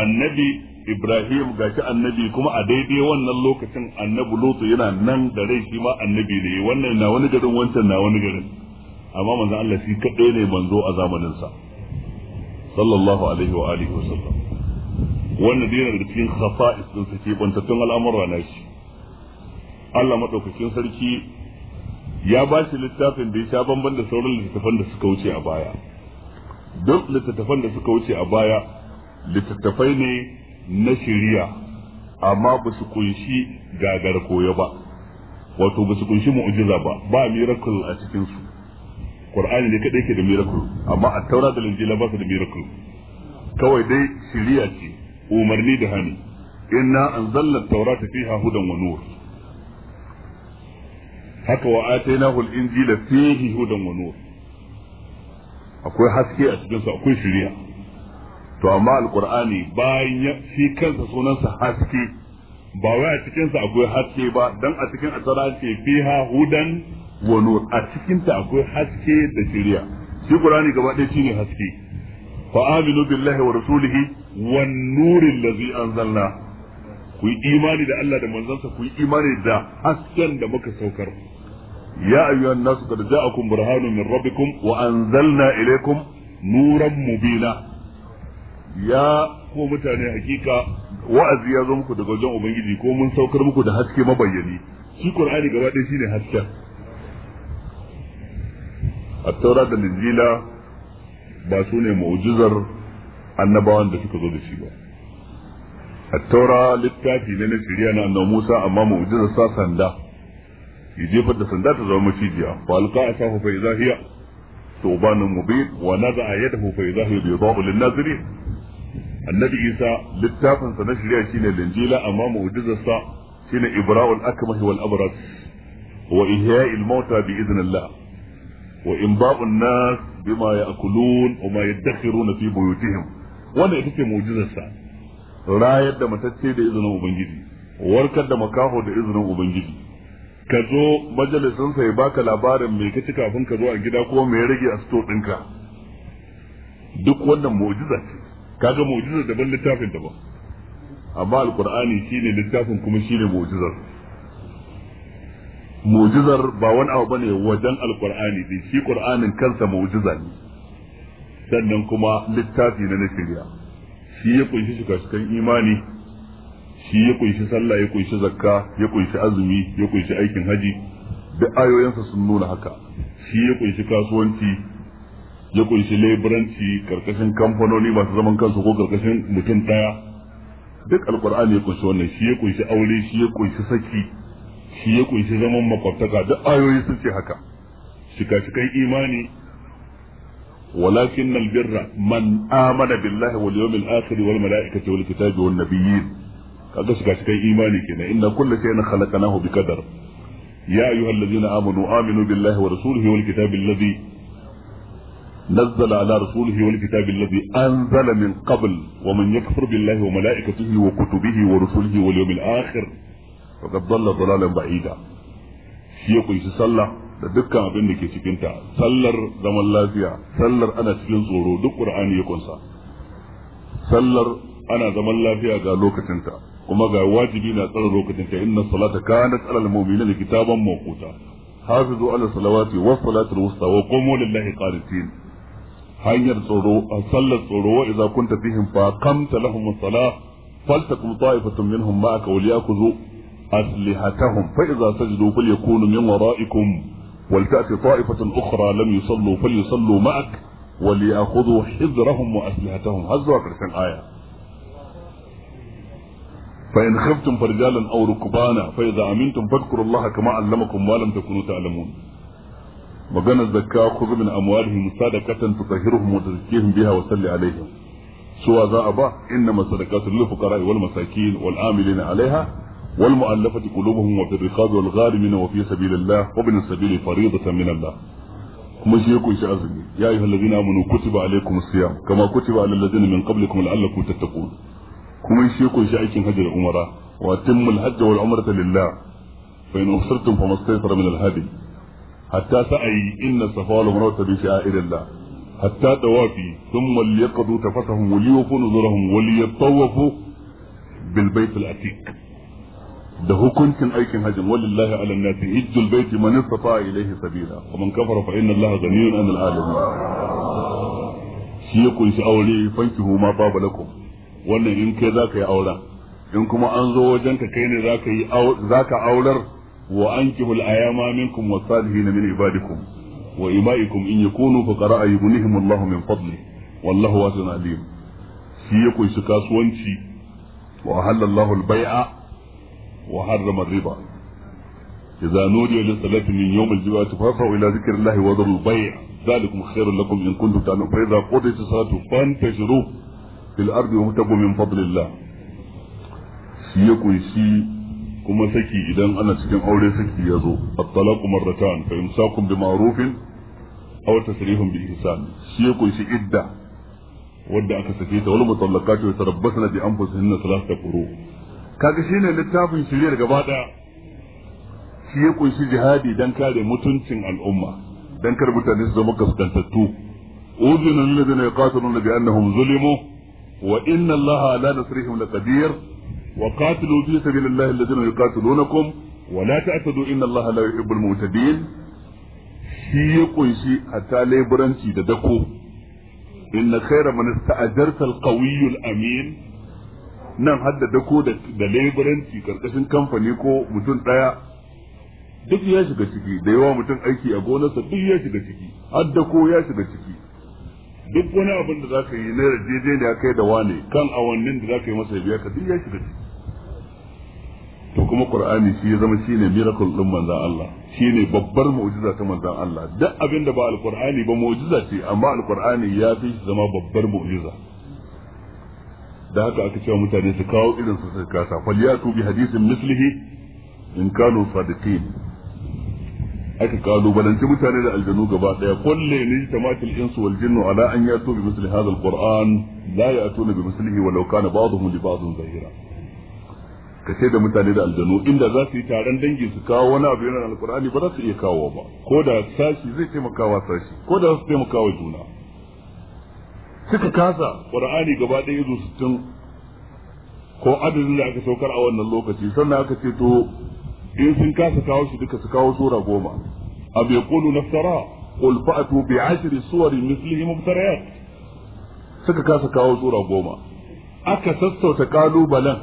annabi Ibrahim gashi annabi kuma a daidai wannan lokacin annabi Lutu yana nan da rai shi ma annabi ne wannan na wani garin wancan na wani garin amma manzon Allah shi kadai ne manzo a zamanin sa sallallahu alaihi wa alihi wasallam wannan dai da cikin khafa'is din sa ke bantattun al'amura na shi Allah madaukakin sarki ya ba shi littafin da ya sha bamban da sauran littafan da suka wuce a baya duk littattafan da suka wuce a baya littattafai ne na shiriya amma ba su kunshi gagar koya ba wato ba su kunshi mu'jiza ba ba miracle a cikinsu. qur'ani ne kadai ke da miracle amma a taura da linjila ba su da miracle kawai dai shiriya ce umarni da hani inna anzalna at-taurata fiha hudan wa nur haka wa atainahu al-injila fihi hudan wa nur akwai haske a cikinsa akwai shiriya to amma alqur'ani bayan ya fi kansa sunansa haske ba wai a cikinsa akwai haske ba dan a cikin asara ce fiha hudan wa nur a cikinta akwai haske da shiriya shi qur'ani gaba ɗaya shine haske fa aminu billahi wa rasulihi wan nuril ladzi anzalna ku yi imani da Allah da manzansa ku yi imani da hasken da muka saukar يا أيها الناس قد جاءكم برهان من ربكم وأنزلنا إليكم نورا مبينا ya ko mutane hakika wa'azi ya zo muku daga wajen ubangiji ko mun saukar muku da haske mabayyani shi qur'ani gaba ɗaya shine haske at-taura da injila ba su ne mu'jizar annabawan da suka zo da shi ba at-taura littafi ne na shirya na annabi Musa amma mu'jizar sa sanda يجيبها تسندها تزعم مسيجها فألقى عصاه فإذا هي ثوبان مبين ونزع يده فإذا هي بيضاء للناظرين النبي عيسى لتافا سنشر شين الإنجيل أمام وجزة شين إبراء الأكمة والأبرص وإهياء الموتى بإذن الله وإنباء الناس بما يأكلون وما يدخرون في بيوتهم وانا اتك موجزة سا رايد دم تتسيد إذن أبنجدي واركد دم كاهو إذن أبنجدي ka zo majalisinsa ya baka labarin me ka kafin ka zo a gida ko me ya rage a sto ɗinka duk wannan mu'jiza ce kaga mu'jiza daban littafin daban amma alqur'ani shine littafin kuma shine mu'jizar mu'jizar ba wani abu bane wajen alqur'ani din shi qur'anin kansa mu'jiza ne sannan kuma littafi na na shari'a shi ya kunshi shikashikan imani shi ya kunshi sallah ya kunshi zakka ya kunshi azumi ya kunshi aikin haji duk ayoyinsa sun nuna haka shi ya kunshi kasuwanci ya kunshi leburanci karkashin kamfanoni masu zaman kansu ko karkashin mutum daya duk alkur'ani ya kunshi wannan shi ya kunshi aure shi ya kunshi saki shi ya kunshi zaman makwabtaka duk ayoyi sun ce haka shika-shikan imani ولكن البر من آمن بالله واليوم الآخر والملائكة والكتاب والنبيين kaga shiga cikin imani kenan inna kullu shay'in khalaqnahu bi qadar ya ayyuhallazina amanu aminu billahi wa rasulihi wal kitabil ladhi نزل على رسوله والكتاب الذي أنزل من قبل ومن يكفر بالله وملائكته وكتبه ورسله واليوم الآخر فقد ضل ضلالا بعيدا شيخ يصلى da dukkan abin da ke cikinta sallar zaman lafiya sallar ana cikin tsoro duk ƙur'ani ya kunsa sallar ana zaman lafiya ga lokacinta kuma ga wajibi na tsara lokacin ta inna salata kanat alal mu'minin kitaban mawquta hafizu ala salawati wa salatu wusta wa qumu lillahi qanitin hayyar tsoro a sallar tsoro wa idza kunta fihim fa qamta lahum as-salah faltakum ta'ifatun minhum ma'aka wa liyakhudhu aslihatahum fa idza sajadu falyakunu min wara'ikum ولتأتي طائفة أخرى لم يصلوا فليصلوا معك وليأخذوا حذرهم وأسلحتهم هذا آية فإن خفتم فرجالا أو ركبانا فإذا أمنتم فاذكروا الله كما علمكم ما لم تكونوا تعلمون وقال الزكاة خذ من أموالهم صدقة تطهرهم وتزكيهم بها وسل عليهم سوى ذا أبا إنما صدقات للفقراء والمساكين والعاملين عليها والمؤلفة قلوبهم وفي الرقاب والغارمين وفي سبيل الله وابن السبيل فريضة من الله kuma shi ya kunshi azumi ya ayyuhallazina amanu kutiba alaikumus siyam kama kutiba alal ladzina min qablikum kuma shi ya kunshi aikin hajji da umara wa timmul hajj wal umrata lillah fa in usirtum famastaysara min al hadi hatta sa'i inna safa wal umrata bi sha'irillah hatta tawafi thumma liyaqdu tafatahum wa liyufu nuzurahum wa liyatawafu bil bayt al atiq da hukuncin aikin hajjin walillahi ala nasi hijjul baiti man istata ilayhi sabila wa man kafara fa inna allaha ghaniyun 'anil alamin shi ya kunshi aure fankihu ma babu lakum wannan in kai zaka yi auren in kuma an zo wajen ka kai ne zaka yi zaka aurar wa ankihul ayama minkum wasalihin min ibadikum wa imaikum in yakunu fuqara yughnihim Allahu min fadli wallahu wasi'un alim shi ya kunshi kasuwanci wa halallahu al wa harrama riba إذا نودي للصلاة من يوم الجمعة فارفعوا إلى ذكر الله وذروا البيع ذلكم خير لكم إن كنتم تعلمون فإذا قضيت الصلاة فانتشروا fil ardi yubtagu min fadlillah shi ya kunshi kuma saki idan ana cikin aure saki ya zo at-talaqu marratan fa imsakun bi ma'rufin aw tasrihun bi ihsan shi ya idda wadda aka sake ta wal mutallaqatu yatarabbasna bi anfusihinna an quru kaga shine littafin shiriyar gaba daya shi ya kunshi jihadi dan kare mutuncin al'umma dan kar mutane su zama kaskantattu udina lil ladina yaqatiluna bi annahum zulimu wa inna allaha ala nasrihim laqadir wa qatilu fi sabilillahi alladhina yuqatilunakum wa la ta'tadu inna allaha la yuhibbul mu'tadin shi ya kunshi hatta laiburanci da dako inna khayra nan hadda dako da laiburanci karkashin kamfani ko mutum daya duk ya shiga ciki da yawa mutum aiki a gonarsa duk ya shiga ciki har ya shiga ciki duk wani abin da zaka yi na yarjejeniya kai da wane kan awannin da zaka yi masa biya ka duk ya shiga to kuma qur'ani shi ya zama shine miracle din manzon Allah shine babbar mu'jiza ta manzon Allah duk abin da ba alqur'ani ba mu'jiza ce amma alqur'ani ya fi zama babbar mu'jiza da haka aka cewa mutane su kawo irin su suka kasa falyatu bi hadisin mislihi in kanu sadiqin aka kalubalanci mutane da aljanu gaba daya kulle ni tamatil insu wal jinnu ala an yatu bi misli hadha al qur'an la yatu bi mislihi walau kana ba'dhum li ba'dhin zahira kace da mutane da aljanu inda za su yi taron dangi su kawo wani abu yana alqur'ani ba za su iya kawo ba ko da sashi zai taimakawa sashi ko da su taimakawa juna suka kasa qur'ani gaba daya yazo 60 ko adadin da aka saukar a wannan lokaci sannan aka ce to in sun kasa kawo shi duka su kawo sura goma A am yaqulu naftara qul fa'tu bi ashri suwari mislihi mubtariyat suka kasa kawo sura goma aka sassauta kalubalen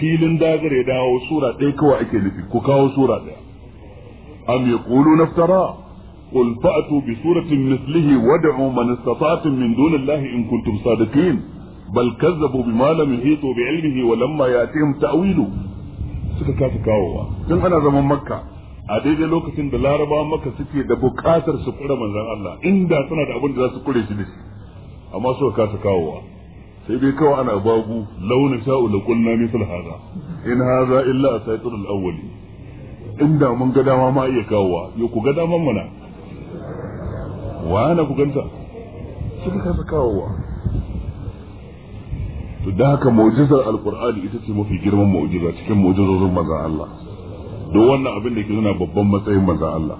filin dagar ya dawo sura ɗaya kawai ake nufi ku kawo sura ɗaya am yaqulu naftara قل فأتوا بسورة مثله وادعوا من استطعتم من دون الله إن كنتم صادقين بل كذبوا بما لم يحيطوا بعلمه ولما يأتيهم تأويله suka kasa kawowa tun ana zaman makka a daidai lokacin da laraba makka suke da bukatar su kura manzan Allah inda suna da abin da za su kure shi da amma suka kasa kawowa sai dai kawai ana babu launa sha'u da kunna misal haza. in haza illa asatirul awwali inda mun ga dama ma iya kawowa yo ku ga daman mana wa ana ku ganta suka kasa kawowa to da haka mu'jizar alqur'ani ita ce mafi girman mu'jiza cikin mu'jizozin manzon Allah don wannan abin da ke nuna babban matsayin manzon Allah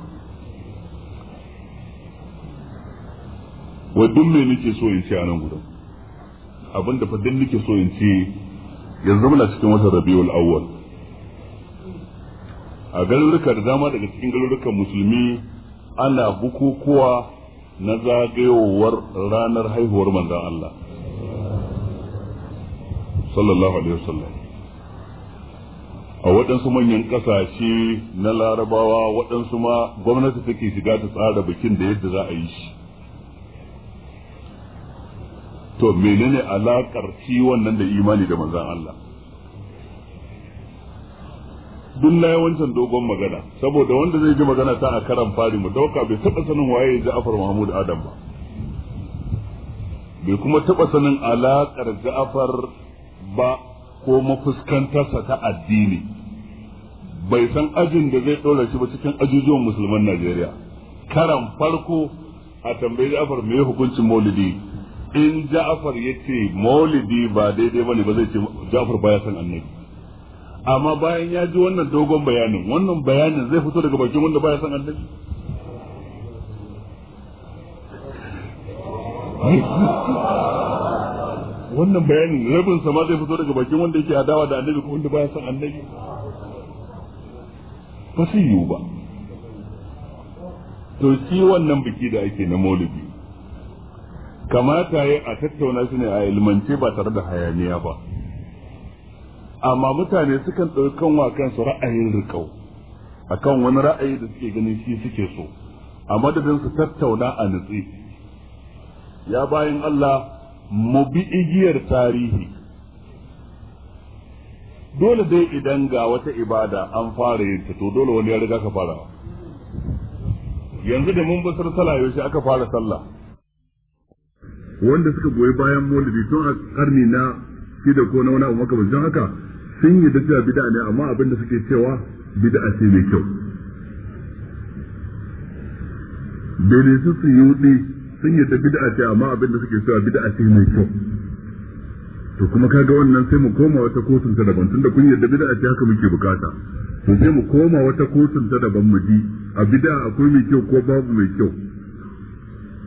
wa duk me nake so in ce a nan gudan abin da fa duk nake so in ce yanzu muna cikin watan rabiul awwal a garuruka da dama daga cikin garurukan musulmi ana bukukuwa na zagayowar ranar haihuwar manzon Allah sallallahu alaihi wasallam a waɗansu manyan ƙasashe na larabawa waɗansu ma gwamnati take shiga ta tsara bikin da yadda za a yi shi to menene alaƙar shi wannan da imani da manzan Allah duk na dogon magana saboda wanda zai ji magana ta a karan fari mu dauka bai taɓa sanin waye Ja'far Mahmud Adam ba bai kuma taɓa sanin alaƙar Ja'far ba ko mafuskantarsa ta addini bai san ajin da zai ɗora shi ba cikin ajujuwan musulman Najeriya karan farko a tambayi Ja'far mai hukuncin Maulidi in Ja'far ya ce Maulidi ba daidai ba ne ba zai ce Ja'far baya san annabi amma bayan ya ji wannan dogon bayanin wannan bayanin zai fito daga bakin wanda baya san annabi wannan bayani rabin sa ma zai fito daga bakin wanda yake adawa da annabi ko wanda baya son annabi ba su yiwu ba to shi wannan biki da ake na maulidi kamata ya a tattauna shi ne a ilmance ba tare da hayaniya ba amma mutane sukan ɗaukan wa kansu ra'ayin rikau akan wani ra'ayi da suke ganin shi suke so a madadin su tattauna a nutsi ya bayan Allah mu bi igiyar tarihi dole dai idan ga wata ibada an fara yin ta to dole wani ya riga ka fara yanzu da mun basar sallah yaushe aka fara sallah wanda suka goyi bayan maulidi tun a karni na da ko na wani abu makamancin haka sun yi da cewa bid'a ne amma abin da suke cewa bid'a ce mai kyau dole su su yi sun ta bid'a ce amma abin da suke cewa bid'a ce mai kyau to kuma kaga wannan sai mu koma wata kotun ta daban tunda kun yadda bid'a ce haka muke bukata to sai mu koma wata kotun ta daban mu ji a bid'a akwai mai kyau ko babu mai kyau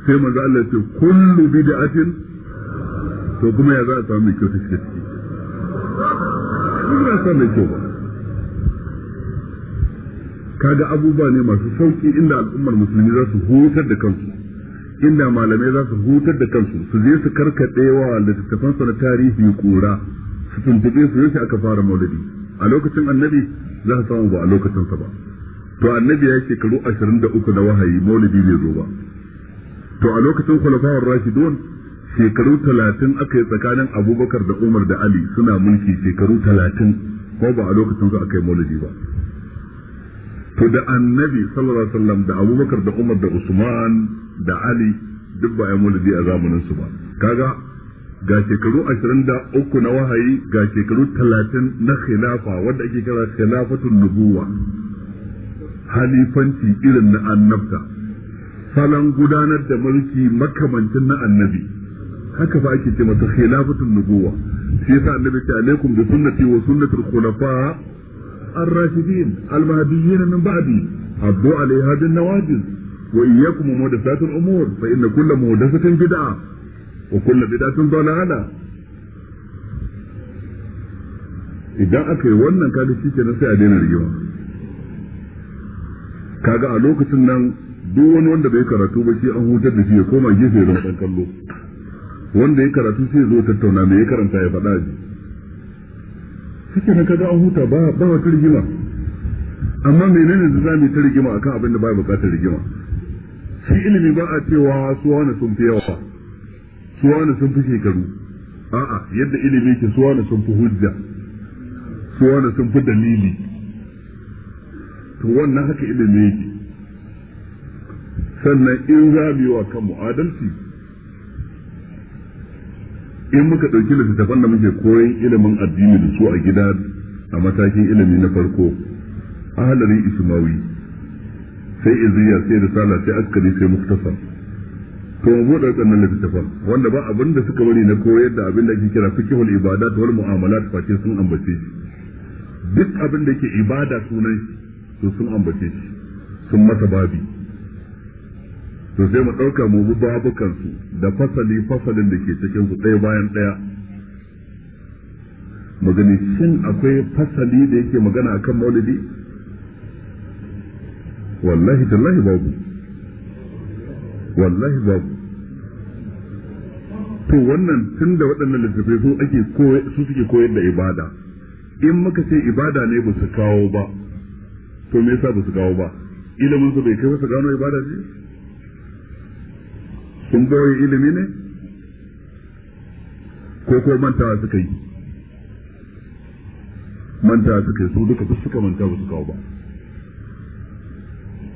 sai manzo Allah ce kullu bid'atin to kuma ya za a samu mai kyau ta ciki kuma ba san mai kyau ba kaga abubuwa ne masu sauki inda al'ummar musulmi za su hutar da kansu inda malamai za su hutar da kansu su je su karkaɗe wa littattafansa na tarihi kura su tuntube su yaushe aka fara maulidi a lokacin annabi za su samu ba a lokacinsa ba to annabi ya shekaru ashirin da uku wahayi maulidi bai zo ba to a lokacin khulafa'ur rashidun shekaru talatin aka yi tsakanin abubakar da umar da ali suna mulki shekaru talatin ko ba a lokacin su aka yi maulidi ba to da annabi sallallahu alaihi wasallam da abubakar da umar da usman da ali duk ba ya a zamanin su ba kaga ga shekaru ashirin da uku na wahayi ga shekaru talatin na khilafa wanda ake kira khilafatul nubuwa halifanci irin na annabta salon gudanar da mulki makamancin na annabi haka fa ake ce masa khilafatul nubuwa sai yasa annabi ta alaikum bi sunnati wa sunnatul khulafa ar-rashidin al-mahdiyyin min ba'di abdu alaiha bin nawajiz وإياكم ومحدثات الأمور فإن كل محدثة بدعة وكل بدعة ضلالة idan aka yi wannan الشيكة shi kenan sai a daina rigima دون a lokacin nan شيء أهو wanda bai karatu ba shi an wanda ya karatu sai zo tattauna mai ya karanta ya faɗa ji shi kaga an huta ba wata rigima amma ta rigima akan abin da ba bukatar rigima shi ilimi ba a cewa su wani sun fi yawa su wani sun fi shekaru a'a yadda ilimi ke su wani sun fi hujja su wani sun fi dalili to wannan haka ilimi yake sannan in za mu yi wa kanmu in muka ɗauki littattafan da muke koyon ilimin addini da su a gida a matakin ilimi na farko ahalari ismawi sai iziya sai risala sai askari sai muktasar to mu buɗe wannan littafin wanda ba abin da suka bari na koyar da abin da ake kira fikihul ibadat wal mu'amalat face sun ambace shi duk abin da ke ibada sunan to sun ambace shi sun masa babi to sai mu ɗauka mu bi babukan su da fasali fasalin da ke cikin su ɗaya bayan ɗaya magani shin akwai fasali da yake magana akan maulidi والله tallahi babu والله babu to wannan tun da waɗannan littattafai su ake su suke koyar da ibada in muka ce ibada ne ba su kawo ba to me yasa ba su kawo ba ilimin su bai kai su gano ibada ce sun boye ilimi ne ko ko mantawa suka yi mantawa suka yi su duka ba suka manta ba su kawo ba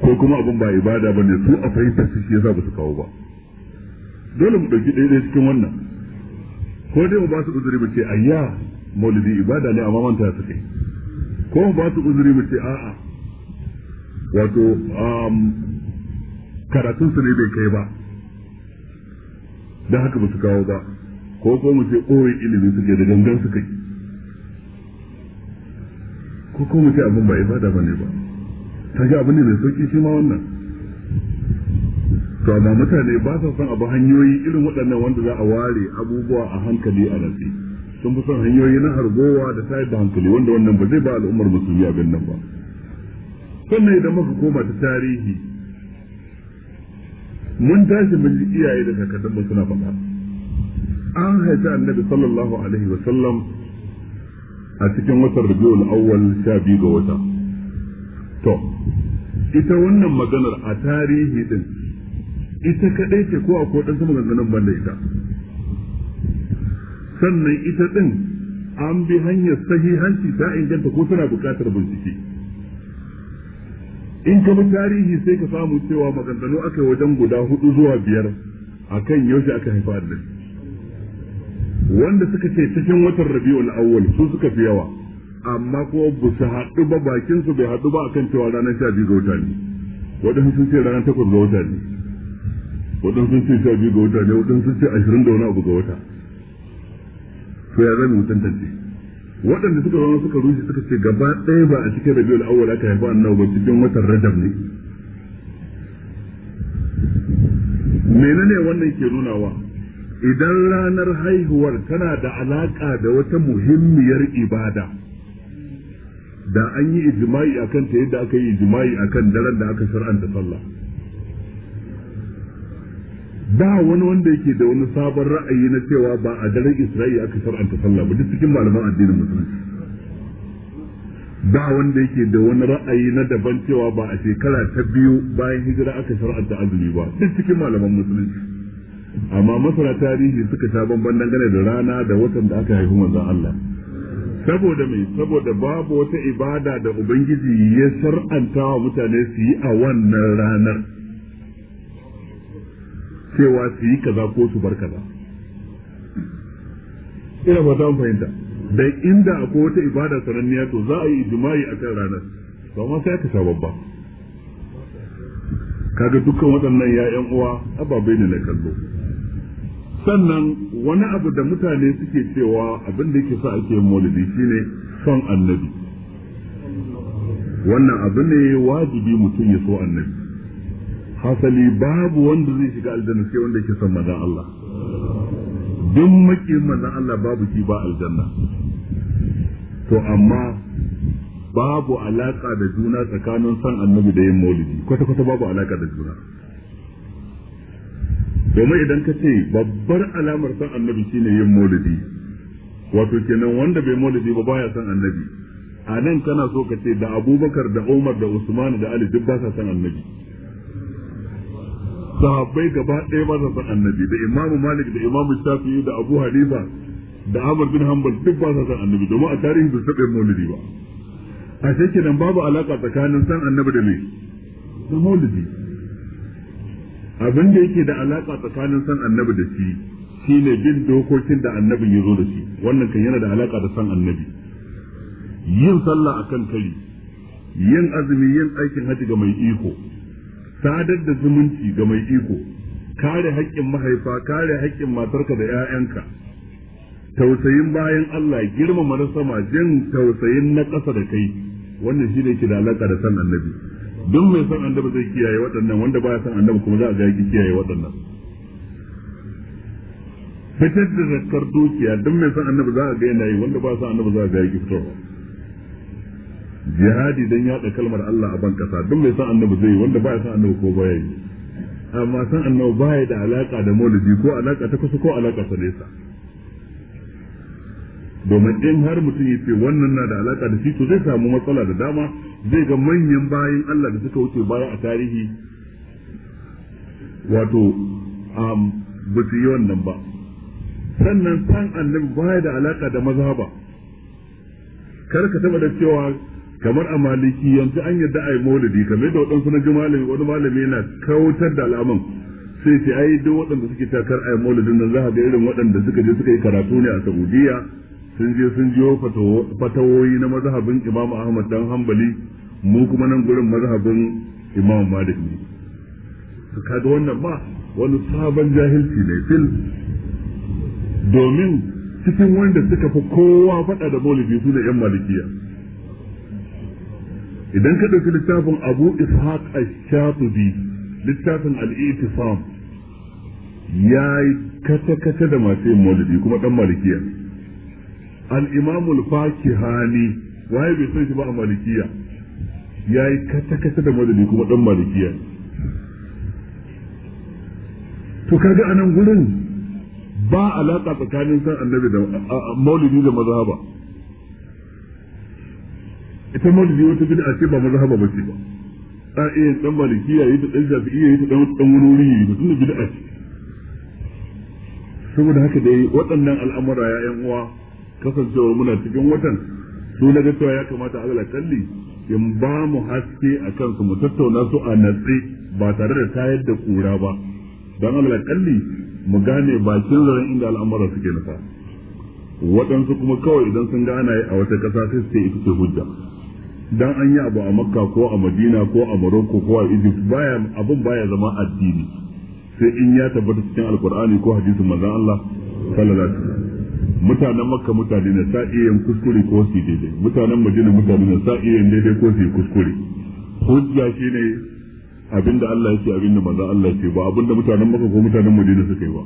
ko kuma abin ba ibada bane su a fahimta su shi yasa ba su kawo ba dole mu dauki ɗaya cikin wannan ko dai mu ba su uzuri mu ce ayya maulidi ibada ne amma manta su kai ko mu ba su uzuri mu ce a'a wato karatun su ne bai kai ba dan haka ba su kawo ba ko ko mu ce koyi ilimi suke da gangan su kai ko ko mu ce abin ba ibada bane ba ta ji abin da mai sauki shi ma wannan to amma mutane ba sa son abu hanyoyi irin waɗannan wanda za a ware abubuwa a hankali a rafi sun fi son hanyoyi na hargowa da tayar da hankali wanda wannan ba zai ba al'ummar musulmi abin nan ba sannan idan muka koma ta tarihi mun tashi mun ji iyaye da kakanninmu suna faɗa an haifi annabi sallallahu alaihi wa sallam a cikin watan rabiul awwal sha biyu ga wata to ita wannan maganar a tarihi din ita kadai ce ko akwai dan sama banda ita sannan ita din an bi hanyar sahihanci ta inganta ko tana buƙatar bincike in ka bi tarihi sai ka samu cewa maganganu aka wajen guda hudu zuwa biyar akan yaushe aka haifa annabi wanda suka ce cikin watan rabiul awwal su suka fi yawa amma kuma ba su haɗu ba bakin su bai haɗu ba akan cewa ranar sha biyu ga wata ne waɗansu sun ce ranar takwas ga wata ne waɗansu sun ce sha biyu ga wata ne waɗansu sun ce ashirin da wani abu ga wata to ya zama mutum tantance waɗanda suka zama suka rushe suka ce gaba ɗaya ba a cikin rabiyar awwal aka haifa annabi ba cikin watan rajab ne menene wannan ke nunawa idan ranar haihuwar tana da alaka da wata muhimmiyar ibada da an yi ijma'i akan ta yadda aka yi ijma'i akan daren da aka shar'anta sallah da wani wanda yake da wani sabon ra'ayi na cewa ba a daren Isra'i aka shar'anta sallah ba duk cikin malaman addinin musulunci da wanda yake da wani ra'ayi na daban cewa ba a shekara ta biyu bayan hijira aka shar'anta azumi ba duk cikin malaman musulunci amma masana tarihi suka sha bamban dangane da rana da watan da aka haifi manzon Allah saboda mai saboda babu wata ibada da ubangiji ya sar'anta wa mutane su yi a wannan ranar cewa su yi kaza ko su bar kaza ina ba ta fahimta da inda akwai wata ibada sananniya to za a yi a kan ranar ba ma sai ka sha ba kaga dukkan waɗannan ya'yan uwa ababai ne na kallo sannan wani abu da mutane suke cewa abin da yake sa ake maulidi shine son annabi wannan abu ne wajibi mutum ya so annabi hasali babu wanda zai shiga aljanna sai wanda yake son manzon Allah duk muke manzon Allah babu shi ba aljanna to amma babu alaka da juna tsakanin son annabi da yin maulidi kwata-kwata babu alaka da juna domin idan ka ce babbar alamar san annabi shine yin maulidi wato kenan wanda bai maulidi ba baya san annabi a nan kana so ka ce da abubakar da umar da usman da ali duk ba sa san annabi sahabbai gaba ɗaya ba sa san annabi da imamu malik da imamu shafi'i da abu hanifa da ahmad bin hanbal duk ba sa san annabi domin a tarihin bai taɓa maulidi ba a shekinan babu alaka tsakanin san annabi da mai da maulidi abin da yake da alaka tsakanin san annabi da shi shine bin dokokin da annabi ya zo da shi wannan kan yana da alaka da san annabi yin sallah akan kari yin azumi yin aikin haji ga mai iko sadar da zumunci ga mai iko kare haƙƙin mahaifa kare haƙƙin matarka da 'ya'yanka tausayin bayan Allah girmama na sama jin tausayin na ƙasa da kai wannan shi ne ke da alaƙa da san annabi duk mai son annabi zai kiyaye waɗannan wanda baya son annabi kuma za a ga kiyaye waɗannan fitar da zakar dukiya duk mai son annabi za a ga yana yi wanda ba son annabi za a ga ya fitar jihadi dan yaɗa kalmar Allah a ban kasa duk mai son annabi zai yi wanda ba ya son annabi ko baya yi amma san annabi baya da alaka da maulidi ko alaka ta kusa ko alaka ta nesa domin in har mutum ya ce wannan na da alaka da shi to zai samu matsala da dama zai ga manyan bayan Allah da suka wuce baya a tarihi wato ba su yi wannan ba sannan san annabi baya da alaka da mazhaba kar ka taba da cewa kamar a maliki yanzu an yadda a yi maulidi kamar da waɗansu na ji malami wani malami yana kautar da alamun sai ce ai duk waɗanda suke takar a yi maulidin nan za a ga irin waɗanda suka je suka yi karatu ne a saudiya sun je sun jiyo fatawoyi na mazhabin Imam Ahmad dan hambali, mu kuma nan gurin mazhabin Imam Malik ne kaga wannan ba wani sabon jahilci ne fil domin cikin wanda suka fi kowa faɗa da maulidi su da yan malikiya idan ka ɗauki littafin abu ishaq ash-shatibi littafin al-i'tisam yayi kata kata da masu yin maulidi kuma ɗan malikiya al-imam al-fakihani waye bai san shi ba a malikiya yayi kata kata da madadi kuma dan malikiya to kaga anan gurin ba alaka tsakanin san annabi da maulidi da mazhaba ita maulidi wata bid'a ce ba mazhaba ba ce ba a iya dan malikiya yi da dan shafi'iyya yi da dan dan wani wuri yi mutum bid'a ce saboda haka dai waɗannan al'amura ya yan uwa kasancewar muna cikin watan su na cewa ya kamata Allah kalli in ba mu haske a kansu mu tattauna su a natsi ba tare da tayar da kura ba don Allah kalli mu gane bakin zaren inda al'amuran suke nufa waɗansu kuma kawai idan sun gane a wata ƙasa sai su ita ce hujja dan an yi abu a makka ko a madina ko a morocco ko a egypt baya abin baya zama addini sai in ya tabbata cikin alkur'ani ko hadisin manzon Allah sallallahu alaihi wasallam mutanen makka mutane na sa iya yin kuskure ko su daidai mutanen madina mutane na sa iya yin daidai ko su kuskure hujja ne abinda Allah yake abinda manzo Allah ce ba abinda mutanen makka ko mutanen madina suka yi ba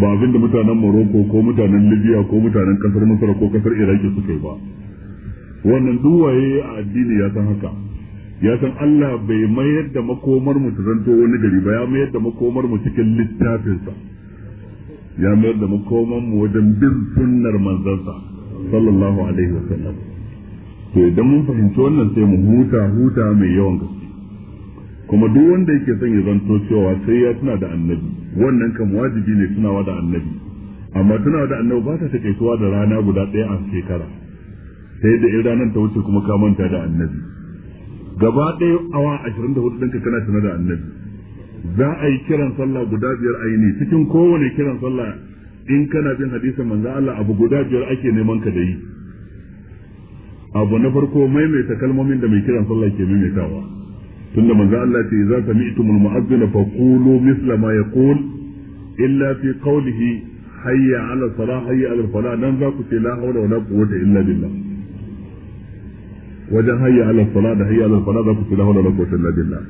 ba abinda mutanen Morocco ko mutanen Libya ko mutanen kasar Masar ko kasar Iraq suka yi ba wannan duwaye a addini ya san haka ya san Allah bai mayar da makomar mu zanto wani gari ba ya mayar da makomar mu cikin littafinsa ya mayar da makoman mu wajen bin sunnar manzansa sallallahu alaihi wasallam to idan mun fahimci wannan sai mu huta huta mai yawan gaske kuma duk wanda yake son ya zanto cewa sai ya tuna da annabi wannan kam wajibi ne tunawa da annabi amma tunawa da annabi ba ta takaituwa da rana guda ɗaya a shekara sai da ranar ta wuce kuma ka manta da annabi gaba ɗaya awa ashirin da hudu ɗinka kana tuna da annabi za a yi kiran sallah guda biyar aini cikin kowane kiran sallah in kana jin hadisin manzo Allah abu guda biyar ake neman ka da yi abu na farko maimaita kalmomin da mai kiran sallah ke maimaitawa tunda manzo Allah ce za idza sami'tumul mu'adhdhin fa qulu misla ma yaqul illa fi qawlihi hayya 'ala salah hayya 'ala falah nan za ku ce la hawla wala quwwata illa billah wajen hayya 'ala salah da hayya 'ala falah za ku ce la hawla wala quwwata illa billah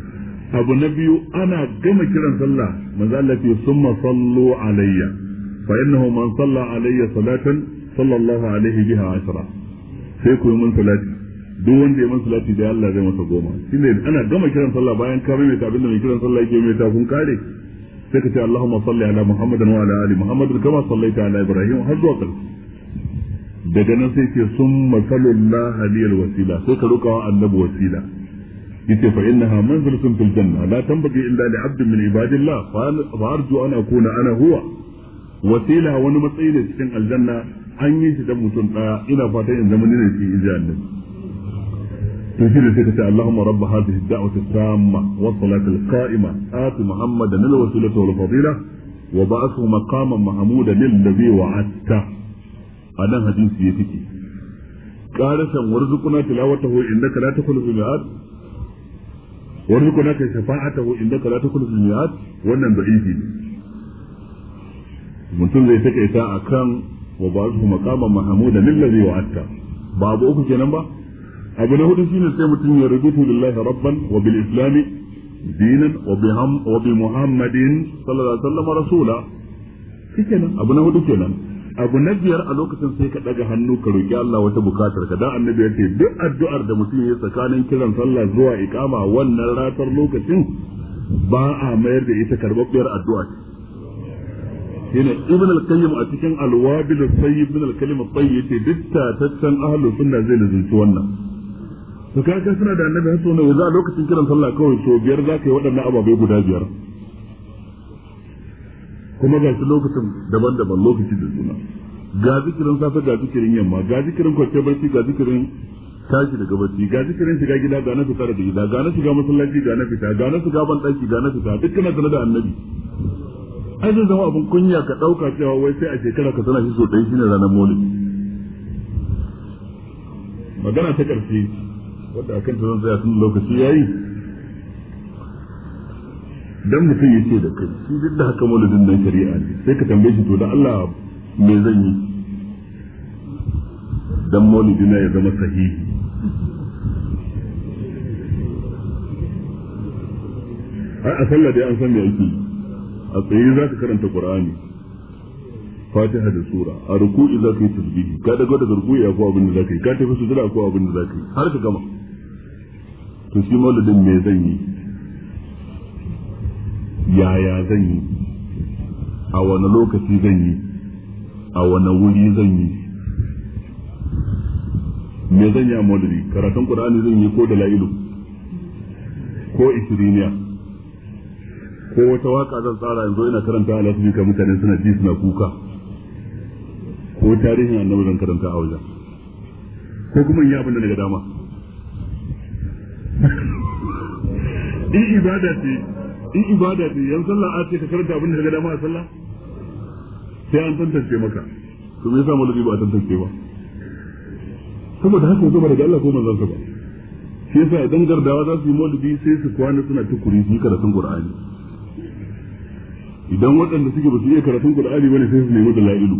abu na biyu ana gama kiran sallah manzo Allah ce summa sallu alayya fa innahu man salla alayya salatan sallallahu alaihi biha ashara sai ku yi mun salati duk wanda ya mun salati da Allah zai masa goma shine ana gama kiran sallah bayan ka mai ta abinda mai kiran sallah yake mai ta kun kare sai ka ce Allahumma salli ala Muhammadin wa ala ali Muhammadin kama sallaita ala Ibrahim har zuwa ƙarshe daga nan sai ce sun masalullah aliyar wasila sai ka rokawa annabi wasila yace fa innaha manzilatun fil janna la tanbaghi illa li 'abdin min ibadillah fa arju an akuna ana huwa wasila wani matsayi ne cikin aljanna an yi shi dan mutum daya ina fatan in zama ne cikin aljanna to shi da sai kace Allahumma rabb hadhihi ad-da'wati at-tamma wa salati al-qa'ima ati Muhammadan al-wasilata wal fadila wa ba'athu maqaman mahmudan alladhi wa'adta anan hadisi ya fike قال سن ورزقنا تلاوته انك لا تخلف الميعاد wani ko naka shafa'atahu indaka la takunu fil mi'at wannan da'ifi ne mutum zai take ita akan wa ba'dhu maqama mahmuda lillazi atta. babu uku kenan ba abu na hudu shine sai mutum ya rubutu billahi rabban wa bil islami dinan wa bi ham wa bi muhammadin sallallahu alaihi wasallam rasula shikenan abu na hudu kenan abu na biyar a lokacin sai ka daga hannu ka roki Allah wata bukatar ka dan annabi ya ce duk addu'ar da mutum ya tsakanin kiran sallah zuwa iqama wannan ratar lokacin ba a mayar da ita karbabbiyar addu'a yana ibn al-qayyim a cikin al-wabil sayyid min al-kalim at-tayyib yace duk tattan ahlus sunna zai lazunci wannan to kaga suna da annabi hasu ne yanzu a lokacin kiran sallah kawai to biyar zakai yi waɗannan ababai guda biyar kuma ga su lokacin daban-daban lokaci da suna. ga zikirin safe ga zikirin yamma ga zikirin kwanciyar barci ga zikirin tashi daga barci ga zikirin shiga gida ga na fita daga gida ga na shiga masallaci ga na fita ga na shiga ban daki ga na fita dukkan sanar da annabi ai zai zama abin kunya ka dauka cewa wai sai a shekara ka tana shi so dai shine ranar molin magana ta karshe wadda akan ta zan tsaya tun lokaci yayi dan mutum ya ce da kai shi duk da haka maulidin nan shari'a ne sai ka tambaye shi to da Allah me zan yi dan maulidina ya zama sahihi ai a sallah dai an san me yake a tsaye za ka karanta qur'ani fatiha da sura a ruku'i za ka yi tasbihi ka daga daga ruku'i kuwa abin da za ka yi ka tafi sujada abin da za ka yi har ka gama to shi maulidin me zan yi yaya zan yi a wani lokaci zan yi a wani wuri zan yi me zan yi a maulidi karatun qur'ani zan yi ko da la'ilu ko isriniya ko wata waka zan tsara yanzu ina karanta alasu ka mutane suna ji suna kuka ko tarihin annabi zan karanta a wajen ko kuma in yi abin da daga dama in ibada ce in ibada ce yan sallah a ce ka karanta abin da ga dama a sallah sai an tantance maka to me yasa malami ba a tantance ba saboda haka zo ba daga Allah ko manzon sa ba shi yasa idan gardawa za su yi maulidi sai su kwana suna tukuri su karatun qur'ani idan waɗanda suke ba su iya karatun qur'ani bane sai su nemi dalailu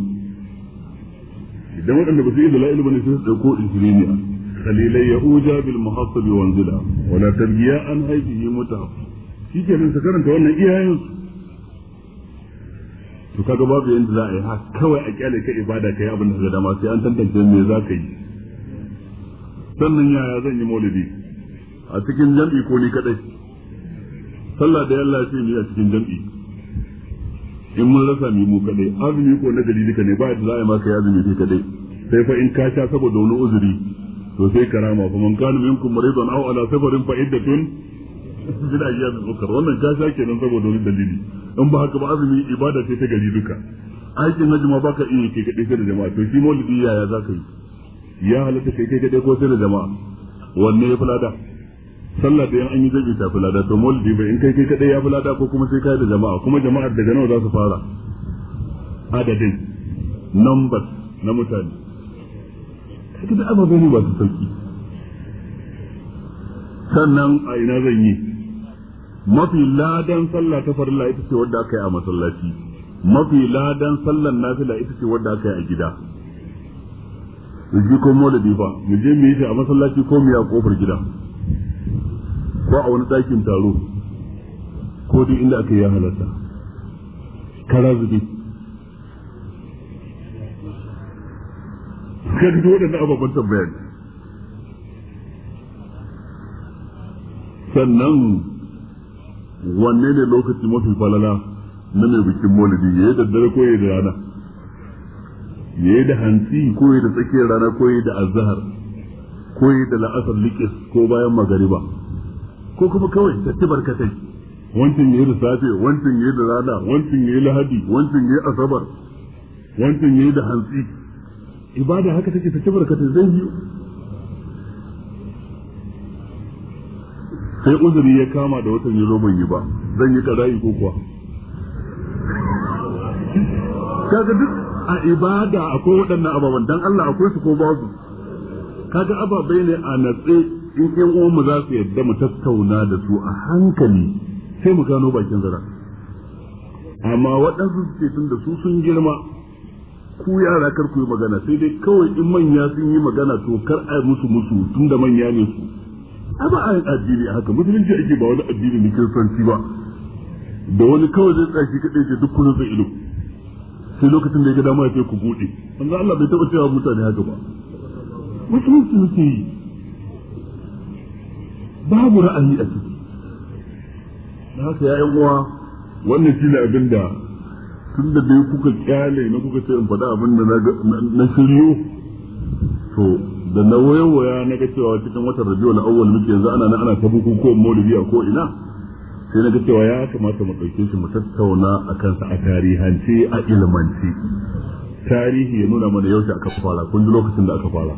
idan waɗanda ba su iya dalailu bane sai su dauko injiniya خليل يؤجى بالمحصب وانزلا ولا تبقيا عن هيئه متعب shi ke nan su karanta wannan su to kaga babu yanda za a yi ha kawai a kyale ka ibada kai abin da ka dama sai an tantance me za ka yi sannan yaya zan yi maulidi a cikin jam'i ko ni kadai sallah da yalla ce ni a cikin jam'i in mun rasa mu mu kadai azumi ko na dalili ka ne ba da za a yi maka azumi kai kadai sai fa in ka sha saboda wani uzuri to sai karama fa kan kana minkum maridan aw ala safarin fa iddatun bil ayyam zukar wannan ta sha nan saboda wani dalili in ba haka ba azumi ibada ce ta gari duka aikin hajji ma baka iya ke kaɗai sai da jama'a to shi maulidi yaya za ka yi ya halatta kai kai kaɗai ko sai da jama'a wanne ya fi lada sallah da yan an yi zai ta fi lada to maulidi bai in kai kai kaɗai ya fi lada ko kuma sai kai da jama'a kuma jama'a daga nawa za su fara adadin numbers na mutane kaga da ababe ne ba su sauki sannan a ina zan yi mafi ladan sallah ta farilla ita ce wadda aka yi a masallaci mafi ladan sallan nafila ita ce wadda aka yi a gida ji ko maulidi fa mu je mu yi shi a masallaci ko mu yi a kofar gida ko a wani ɗakin taro ko duk inda aka yi halatta kara zube kan duk waɗannan ababen tambayar. sannan wanne ne lokaci mafi falala na mai bikin maulidi ya yi daddare ko ya da rana ya yi da hantsi ko ya da tsakiyar rana ko ya da azahar ko ya da la'asar likis ko bayan magariba ko kuma kawai ta ci barkatai wancan ya yi da safe wancan ya yi da rana wancan ya yi lahadi wancan ya yi asabar wancan ya yi da hantsi ibada haka take ta ci barkatai zai yi sai uzuri ya kama da watan yazo ban yi ba zan yi kaza'i ko kuwa kaga duk a ibada akwai waɗannan ababen dan Allah akwai su ko babu kaga ababai ne a natse in ƴan uwanmu za su yadda mu tattauna da su a hankali sai mu gano bakin zara amma waɗansu suke tun da su sun girma ku yara kar ku yi magana sai dai kawai in manya sun yi magana to kar a musu musu tun da manya ne su a ba a addini haka musulunci ake ba wani addini ne kiristanci ba da wani kawai zai tsaki kaɗai ce duk kunan zai ido sai lokacin da ya ga dama ya ku buɗe an za Allah bai taɓa cewa mutane haka ba musulunci yake yi babu ra'ayi a ciki da haka ya uwa wannan shi ne abin da tun da dai kuka kyale na kuka ce in faɗa abin da na shiryo to da na wayoya na ga cewa cikin watan na awwal muke yanzu ana nan ana ta bukukuwan maulidi a ko ina sai na ga cewa ya kamata mu ɗauke shi mu tattauna a kansa a tarihance a ilmanci tarihi ya nuna mana yaushe aka fara kun ji lokacin da aka fara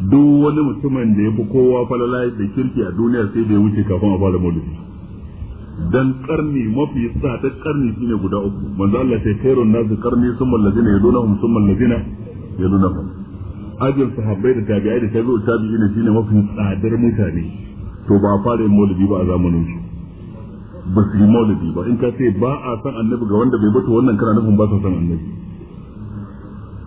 duk wani mutumin da ya fi kowa falala da kirki a duniya sai da ya wuce kafin a fara maulidi dan karni mafi sa ta karni shine guda uku manzo Allah sai khairun nasu karni sun mallazina yadunahum sun mallazina yadunahum ajin sahabbai da tabi'ai da tabi'u tabi'ina shine mafi tsadar mutane to ba fara yin maulidi ba a zamanin su ba su yi maulidi ba in ka ce ba a san annabi ga wanda bai bata wannan kana nufin ba sa san annabi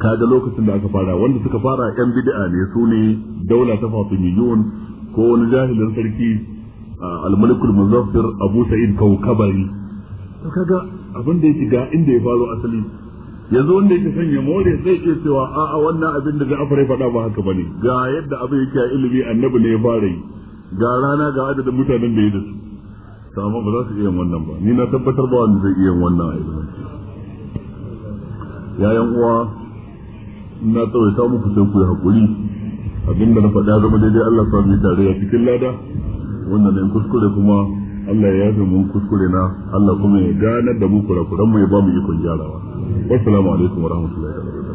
kaga lokacin da aka fara wanda suka fara yan bid'a ne su ne daula ta fatimiyun ko wani jahilin sarki almulkul muzaffir abu sa'id kaukabari to kaga abin da yake ga inda ya faro asali yanzu wanda yake son ya more zai ce cewa a'a wannan abin da a fara faɗa ba haka bane ga yadda abin yake a ilimi annabi ne ya fara yi ga rana ga adadin mutanen da ya dace to amma ba za su iya wannan ba ni na tabbatar ba wanda zai iya wannan a ilimin yayan uwa na ta muku sai ku yi hakuri abinda na faɗa zama daidai Allah sa mu tare a cikin lada wannan ne kuskure kuma Allah ya yafe mun kuskure na Allah kuma ya ganar da mu kurakuran mu ya ba mu ikon gyarawa wassalamu alaikum wa rahmatullahi wa